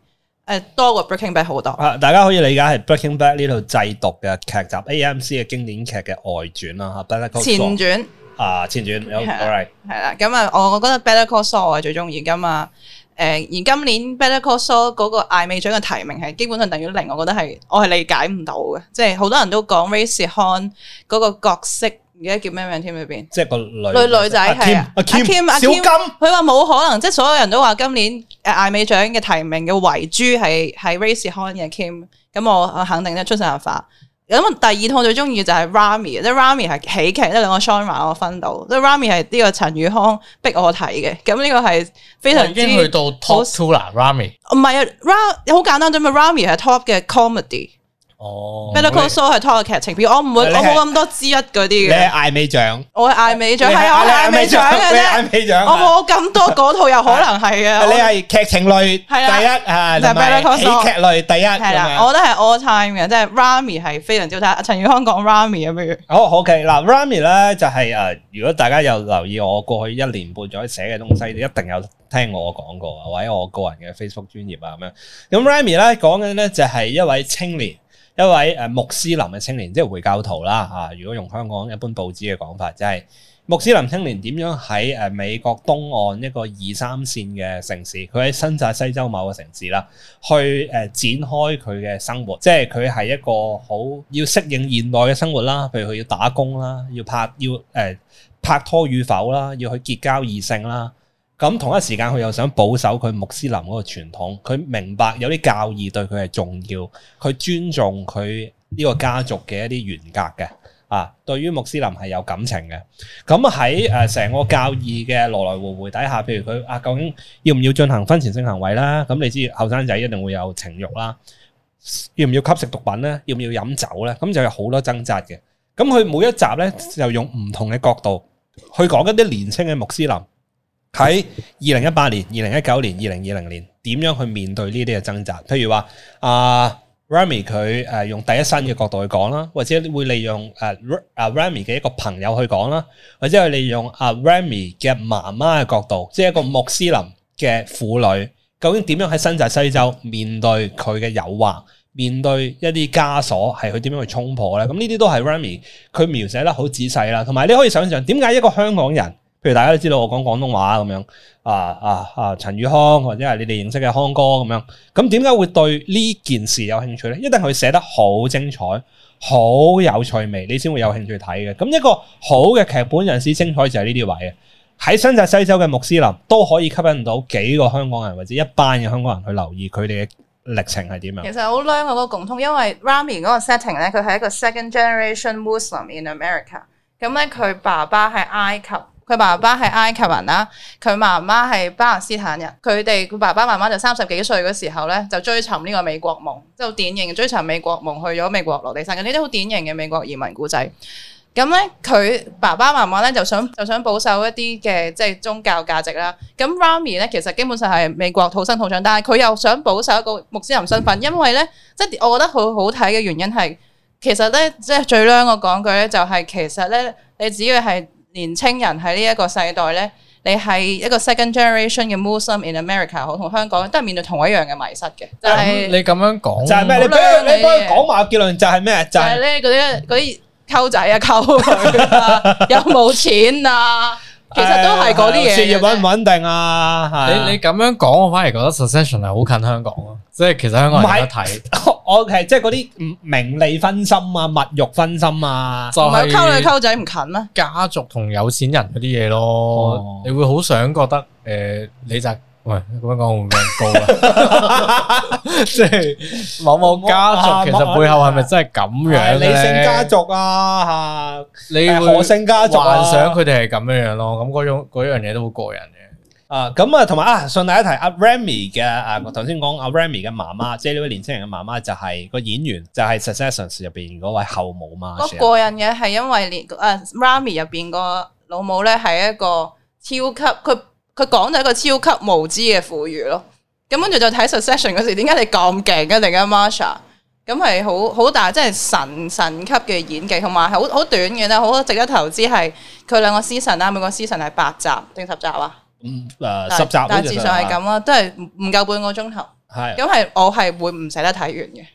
誒多過 Breaking Bad 好多。啊，大家可以理解係 Breaking Bad 呢套製毒嘅劇集 AMC 嘅經典劇嘅外傳啦吓、啊，Better Call、Saul、前傳啊前傳，right 係啦。咁啊，我我覺得 Better Call Saul 係最中意，咁、啊、嘛。誒而今年 Better Call Saul 嗰個艾美獎嘅提名係基本上等於零，我覺得係我係理解唔到嘅，即係好多人都講 Rhea Seehorn、e、嗰個角色。唔記得叫咩名？添裏邊，即係個女女女仔係阿 Kim，阿 Kim，阿 Kim，佢話冇可能，即係所有人都話今年誒艾美獎嘅提名嘅遺珠係係 Rhea Seehorn 嘅 Kim。咁我肯定即係出神入化。咁第二套最中意就係 Ramy，即係 Ramy 係喜劇，即係兩個 Shawn 同我分到，即係 Ramy 係呢個陳宇康逼我睇嘅。咁呢個係非常之去到 top two 啦。Ramy 唔係啊，Ramy 好簡單啫嘛，Ramy 係 top 嘅 comedy。哦，medical show 係拖劇情片，我唔會，我冇咁多之一嗰啲嘅。你艾美獎，我係艾美獎，係我係艾美獎嘅啫。艾美獎，我冇咁多嗰套又可能係嘅。你係劇情類，係啦，啊，同埋喜劇類，第一係啦，我覺得係 all time 嘅，即係 Rami 係非常之睇。陳宇康講 Rami 咁樣。好，OK 嗱，Rami 咧就係誒，如果大家有留意我過去一年半左右寫嘅東西，你一定有聽我講過啊，或者我個人嘅 Facebook 專頁啊咁樣。咁 Rami 咧講緊咧就係一位青年。一位誒穆斯林嘅青年，即係回教徒啦嚇，如果用香港一般報紙嘅講法，就係穆斯林青年點樣喺誒美國東岸一個二三線嘅城市，佢喺新澤西州某個城市啦，去誒展開佢嘅生活，即係佢係一個好要適應現代嘅生活啦。譬如佢要打工啦，要拍要誒、呃、拍拖與否啦，要去結交異性啦。咁同一時間，佢又想保守佢穆斯林嗰個傳統，佢明白有啲教義對佢係重要，佢尊重佢呢個家族嘅一啲原則嘅，啊，對於穆斯林係有感情嘅。咁喺誒成個教義嘅來來回回底下，譬如佢啊究竟要唔要進行婚前性行為啦？咁你知後生仔一定會有情欲啦，要唔要吸食毒品咧？要唔要飲酒咧？咁就有好多掙扎嘅。咁佢每一集咧就用唔同嘅角度去講一啲年輕嘅穆斯林。喺二零一八年、二零一九年、二零二零年，點樣去面對呢啲嘅掙扎？譬如話阿 Remy 佢誒用第一身嘅角度去講啦，或者會利用誒阿 Remy 嘅一個朋友去講啦，或者係利用阿 Remy 嘅媽媽嘅角度，即係一個穆斯林嘅婦女，究竟點樣喺新澤西州面對佢嘅誘惑，面對一啲枷鎖，係佢點樣去衝破咧？咁呢啲都係 Remy 佢描寫得好仔細啦。同埋你可以想象，點解一個香港人？譬如大家都知道我講廣東話咁樣啊啊啊陳宇康或者係你哋認識嘅康哥咁樣，咁點解會對呢件事有興趣咧？一定佢寫得好精彩，好有趣味，你先會有興趣睇嘅。咁一個好嘅劇本，有啲精彩就係呢啲位嘅。喺新澤西州嘅穆斯林都可以吸引到幾個香港人或者一班嘅香港人去留意佢哋嘅歷程係點樣。其實好靚嘅個共通，因為 Rami 嗰個 setting 咧，佢係一個 second generation Muslim in America。咁咧佢爸爸喺埃及。佢爸爸係埃及人啦，佢媽媽係巴勒斯坦人。佢哋佢爸爸媽媽就三十幾歲嘅時候咧，就追尋呢個美國夢，即係好典型追尋美國夢去咗美國落地生根，呢啲好典型嘅美國移民古仔。咁咧佢爸爸媽媽咧就想就想保守一啲嘅即係宗教價值啦。咁、嗯、Rami 咧其實基本上係美國土生土長，但係佢又想保守一個穆斯林身份，因為咧即係我覺得好好睇嘅原因係，其實咧即係最靚我講句咧就係、是、其實咧你只要係。年青人喺呢一個世代咧，你係一個 second generation 嘅 Muslim in America，好同香港都係面對同一樣嘅迷失嘅。但係你咁樣講，就係、是、咩、嗯？你、嗯、你幫佢你講話結論就係咩？就係咧嗰啲啲溝仔啊溝女㗎，又冇 錢啊！ 其實都係嗰啲嘢，事業穩唔穩定啊？係你你咁樣講，我反而覺得 succession 係好近香港咯。即係其實香港人睇，我係即係嗰啲名利分心啊，物欲分心啊，唔係溝女溝仔唔近啊，家族同有錢人嗰啲嘢咯，嗯、你會好想覺得誒，李、呃、澤。你就是喂，咁樣講好命高啊！即係某某家族，其實背後係咪真係咁樣理性家族啊，啊你會何性家族幻想佢哋係咁樣樣咯，咁嗰種樣嘢都好過人嘅、啊。啊，咁啊，同埋啊，順帶一提阿 Remy 嘅啊，頭先講阿 Remy 嘅媽媽，即係呢位年輕人嘅媽媽，就、那、係個演員，就係 Successions 入邊嗰位後母嘛。不、嗯嗯、過人嘅係因為連阿、啊、Remy 入邊個老母咧，係一個超級佢講到一個超級無知嘅腐乳咯，咁跟住就睇 succession 嗰時，點解你咁勁嘅？定阿 Marsha 咁、嗯、係好好大，即係神神級嘅演技，同埋好好短嘅咧，好值得投資。係佢兩個 s 神啦，每個 s 神 a 係八集定十集啊？嗯，誒、呃、十集、啊但呃、大致上係咁啦，都係唔唔夠半個鐘頭。係咁係我係會唔捨得睇完嘅。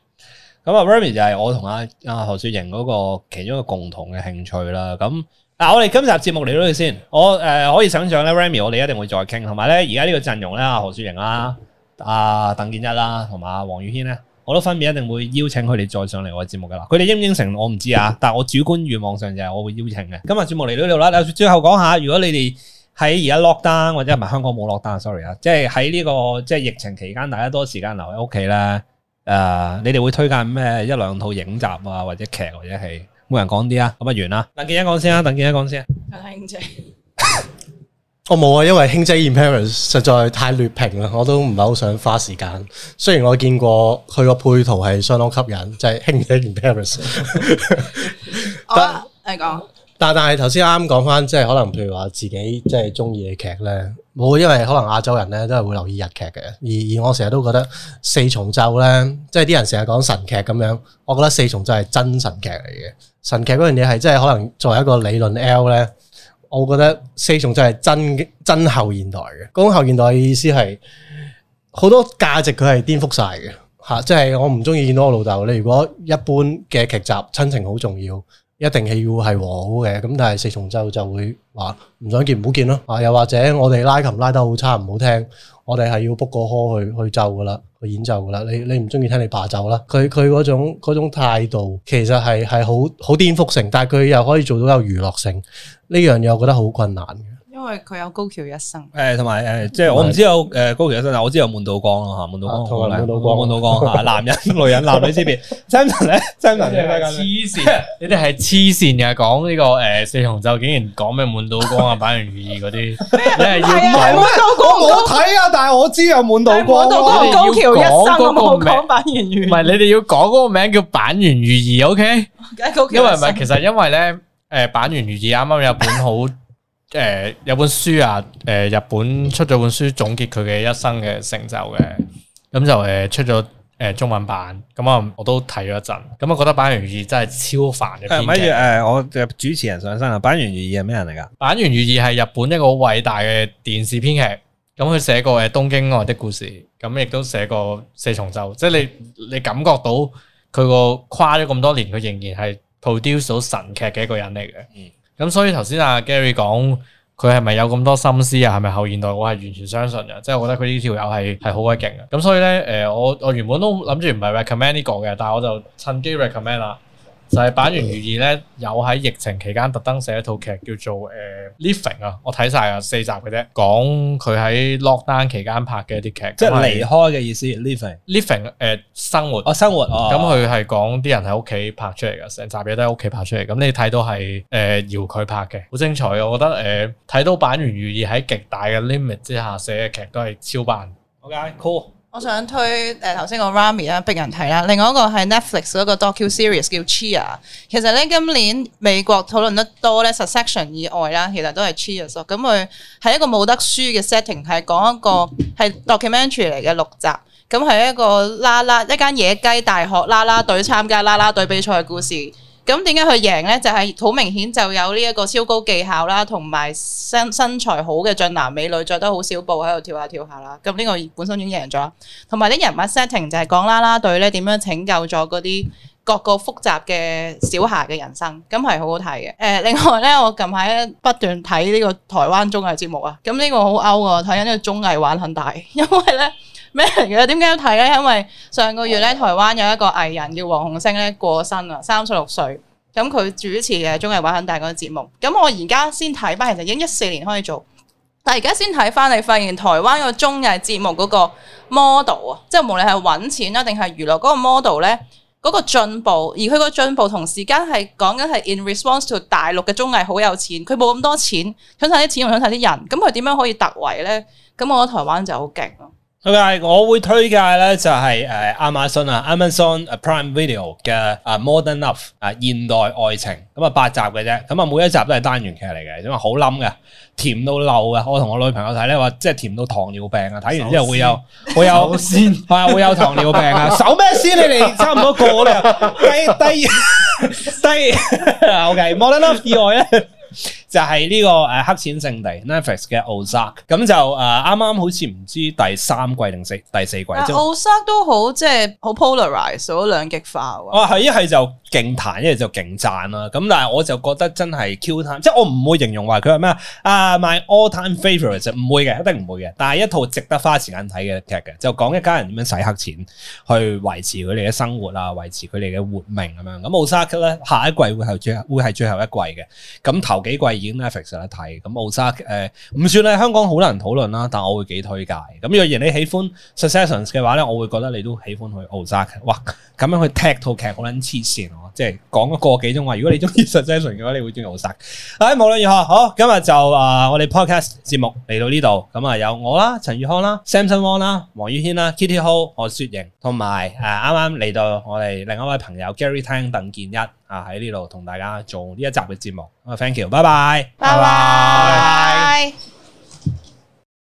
咁、嗯、啊，Remy 就係我同阿阿何雪瑩嗰個其中一個共同嘅興趣啦。咁、嗯。嗯嗱、啊，我哋今集節目嚟到呢度先，我誒、呃、可以想象咧，Remy 我哋一定會再傾，同埋咧而家呢個陣容咧，何雪瑩啦、啊，阿、啊、鄧鍵一啦、啊，同埋阿黃宇軒咧，我都分別一定會邀請佢哋再上嚟我嘅節目噶啦，佢哋應唔應承我唔知啊，但係我主觀願望上就係我會邀請嘅。今日節目嚟到呢度啦，最後講下，如果你哋喺而家落單，或者係咪香港冇落單，sorry 啊，即係喺呢個即係疫情期間，大家多時間留喺屋企咧，誒、呃，你哋會推介咩一兩套影集啊，或者劇或者戲？冇人講啲啊，咁啊完啦。鄧鍵一講先啊，鄧鍵一講先啊。阿興姐，我冇啊，因為 Emily in Paris 實在太劣評啦，我都唔係好想花時間。雖然我見過佢個配圖係相當吸引，就係 Emily in Paris。我嚟講，但但係頭先啱講翻，即係可能譬如話自己即係中意嘅劇咧，冇因為可能亞洲人咧都係會留意日劇嘅。而而我成日都覺得四重奏咧，即係啲人成日講神劇咁樣，我覺得四重奏係真神劇嚟嘅。神劇嗰樣嘢係真係可能作為一個理論 L 咧，我覺得四重奏係真真後現代嘅。講後現代嘅意思係好多價值佢係顛覆晒嘅吓，即係我唔鍾意見到我老豆，你如果一般嘅劇集親情好重要，一定係要係和好嘅。咁但係四重奏就會話唔想見唔好見咯。啊，又或者我哋拉琴拉得好差唔好聽，我哋係要 book 個科去去奏噶啦。佢演奏㗎喇，你你唔中意聽你扒走啦，佢佢嗰種嗰種態度其實係係好好顛覆性，但係佢又可以做到有娛樂性，呢樣我覺得好困難嘅。因為佢有高橋一生，誒，同埋誒，即係我唔知有誒高橋一生，但我知有滿道江。咯吓，滿島光，滿島光，滿島光吓，男人、女人、男女之別真 a m s o n 咧 s a 黐線，你哋係黐線嘅，講呢個誒四重奏，竟然講咩滿道江啊、板垣惠二嗰啲，係啊，滿島光我睇啊，但係我知有滿道江。高橋一生個名，講板垣惠二，唔係你哋要講嗰個名叫板垣惠二，OK，因為唔係，其實因為咧，誒板垣惠二啱啱有本好。誒，有本書啊，誒，日本出咗本書總結佢嘅一生嘅成就嘅，咁、嗯嗯嗯、就誒出咗誒中文版，咁啊，我都睇咗一陣，咁我覺得坂元裕二真係超凡嘅，唔係，誒、哎，我主持人上身。坂元裕二係咩人嚟噶？坂元裕二係日本一個好偉大嘅電視編劇，咁、嗯、佢寫過《誒東京愛的故事》嗯，咁亦都寫過《四重奏》，即係你你感覺到佢個跨咗咁多年，佢仍然係 produce 到神劇嘅一個人嚟嘅。嗯咁所以頭先阿 Gary 講，佢係咪有咁多心思啊？係咪後現代？我係完全相信嘅，即係我覺得佢呢條友係係好鬼勁嘅。咁所以咧，誒我我原本都諗住唔係 recommend 呢個嘅，但係我就趁機 recommend 啦。就係坂元裕二咧，有喺疫情期間特登寫一套劇叫做誒、euh, Living 啊，我睇晒啊，四集嘅啫，講佢喺 lockdown 期間拍嘅一啲劇，即係離開嘅意思，Living，Living 誒、uh, 生，oh, 生活，哦生活，咁佢係講啲人喺屋企拍出嚟嘅，成集嘢都喺屋企拍出嚟，咁、嗯、你睇到係誒姚佢拍嘅，好精彩啊！我覺得誒睇、呃、到坂元裕二喺極大嘅 limit 之下寫嘅劇都係超棒，OK，c、okay, cool. 我想推誒頭先個 Rami 啦，呃、ami, 逼人睇啦。另外一個係 Netflix 嗰個 docu series 叫 Cheer。其實咧今年美國討論得多咧，section 以外啦，其實都係 Cheer。咁佢係一個冇得輸嘅 setting，係講一個係 documentary 嚟嘅六集。咁係一個啦啦一間野雞大學啦啦隊參加啦啦隊比賽嘅故事。咁點解佢贏呢？就係、是、好明顯就有呢一個超高技巧啦，同埋身身材好嘅俊男美女，着得好少布喺度跳下跳下啦。咁呢個本身已經贏咗，同埋啲人物 setting 就係講啦啦隊咧，點樣拯救咗嗰啲各個複雜嘅小孩嘅人生。咁係好好睇嘅。誒、呃，另外呢，我近排不斷睇呢個台灣綜藝節目啊。咁呢個好 out 啊，睇緊呢個綜藝玩很大，因為呢。咩嚟嘅？點解要睇咧？因為上個月咧，台灣有一個藝人叫黃鴻升咧，過身啦，三十六歲。咁佢主持嘅綜藝玩很大個節目。咁我而家先睇翻，其實已經一四年開始做，但係而家先睇翻，你發現台灣個綜藝節目嗰個 model 啊，即係無論係揾錢啊定係娛樂嗰個 model 咧，嗰個進步，而佢個進步同時間係講緊係 in response to 大陸嘅綜藝好有錢，佢冇咁多錢，搶曬啲錢又搶曬啲人，咁佢點樣可以突圍咧？咁我覺得台灣就好勁。推、okay, 我會推介咧就係誒亞馬遜啊 Amazon Prime Video 嘅，啊 Modern Love 啊現代愛情，咁啊八集嘅啫，咁啊每一集都係單元劇嚟嘅，因為好冧嘅，甜到漏嘅，我同我女朋友睇咧，話即係甜到糖尿病啊，睇完之後會有先會有係先 會有糖尿病啊守咩先，你哋差唔多過啦，低低低 O K Modern Love 以外咧。 就係呢個誒黑錢聖地 Netflix 嘅 oz《Ozark》、呃。咁就誒啱啱好似唔知第三季定四第四季。啊《Ozark》都好即係好 polarized 好兩極化喎。哦、啊，係一係就勁彈，一係就勁讚啦。咁、啊、但係我就覺得真係 Q time。即係我唔會形容話佢係咩啊。My all-time favorite 唔會嘅，一定唔會嘅。但係一套值得花時間睇嘅劇嘅，就講一家人點樣洗黑錢去維持佢哋嘅生活啊，維持佢哋嘅活命咁樣。咁 Ozark 咧，下一季會係最會係最後一季嘅，咁頭幾季影 Netflix 有得睇，咁，Ozark 誒唔算係香港好多人討論啦，但我會幾推介。咁若然你喜歡 Successions 嘅話咧，我會覺得你都喜歡去 Ozark 嘅。哇，咁樣去踢套劇好捻黐線。即係講咗個幾鐘話，如果你中意 Succession 嘅話，你會中意我嘅。哎，冇論如何，好，今日就誒，uh, 我哋 podcast 節目嚟到呢度，咁、嗯、啊，有我啦，陳宇康啦，Samson Wong 啦，黃宇軒啦，Kitty Ho，何雪瑩，同埋誒，啱啱嚟到我哋另一位朋友 Gary Tang 鄧鍵一啊，喺呢度同大家做呢一集嘅節目。Thank you，拜拜，拜拜。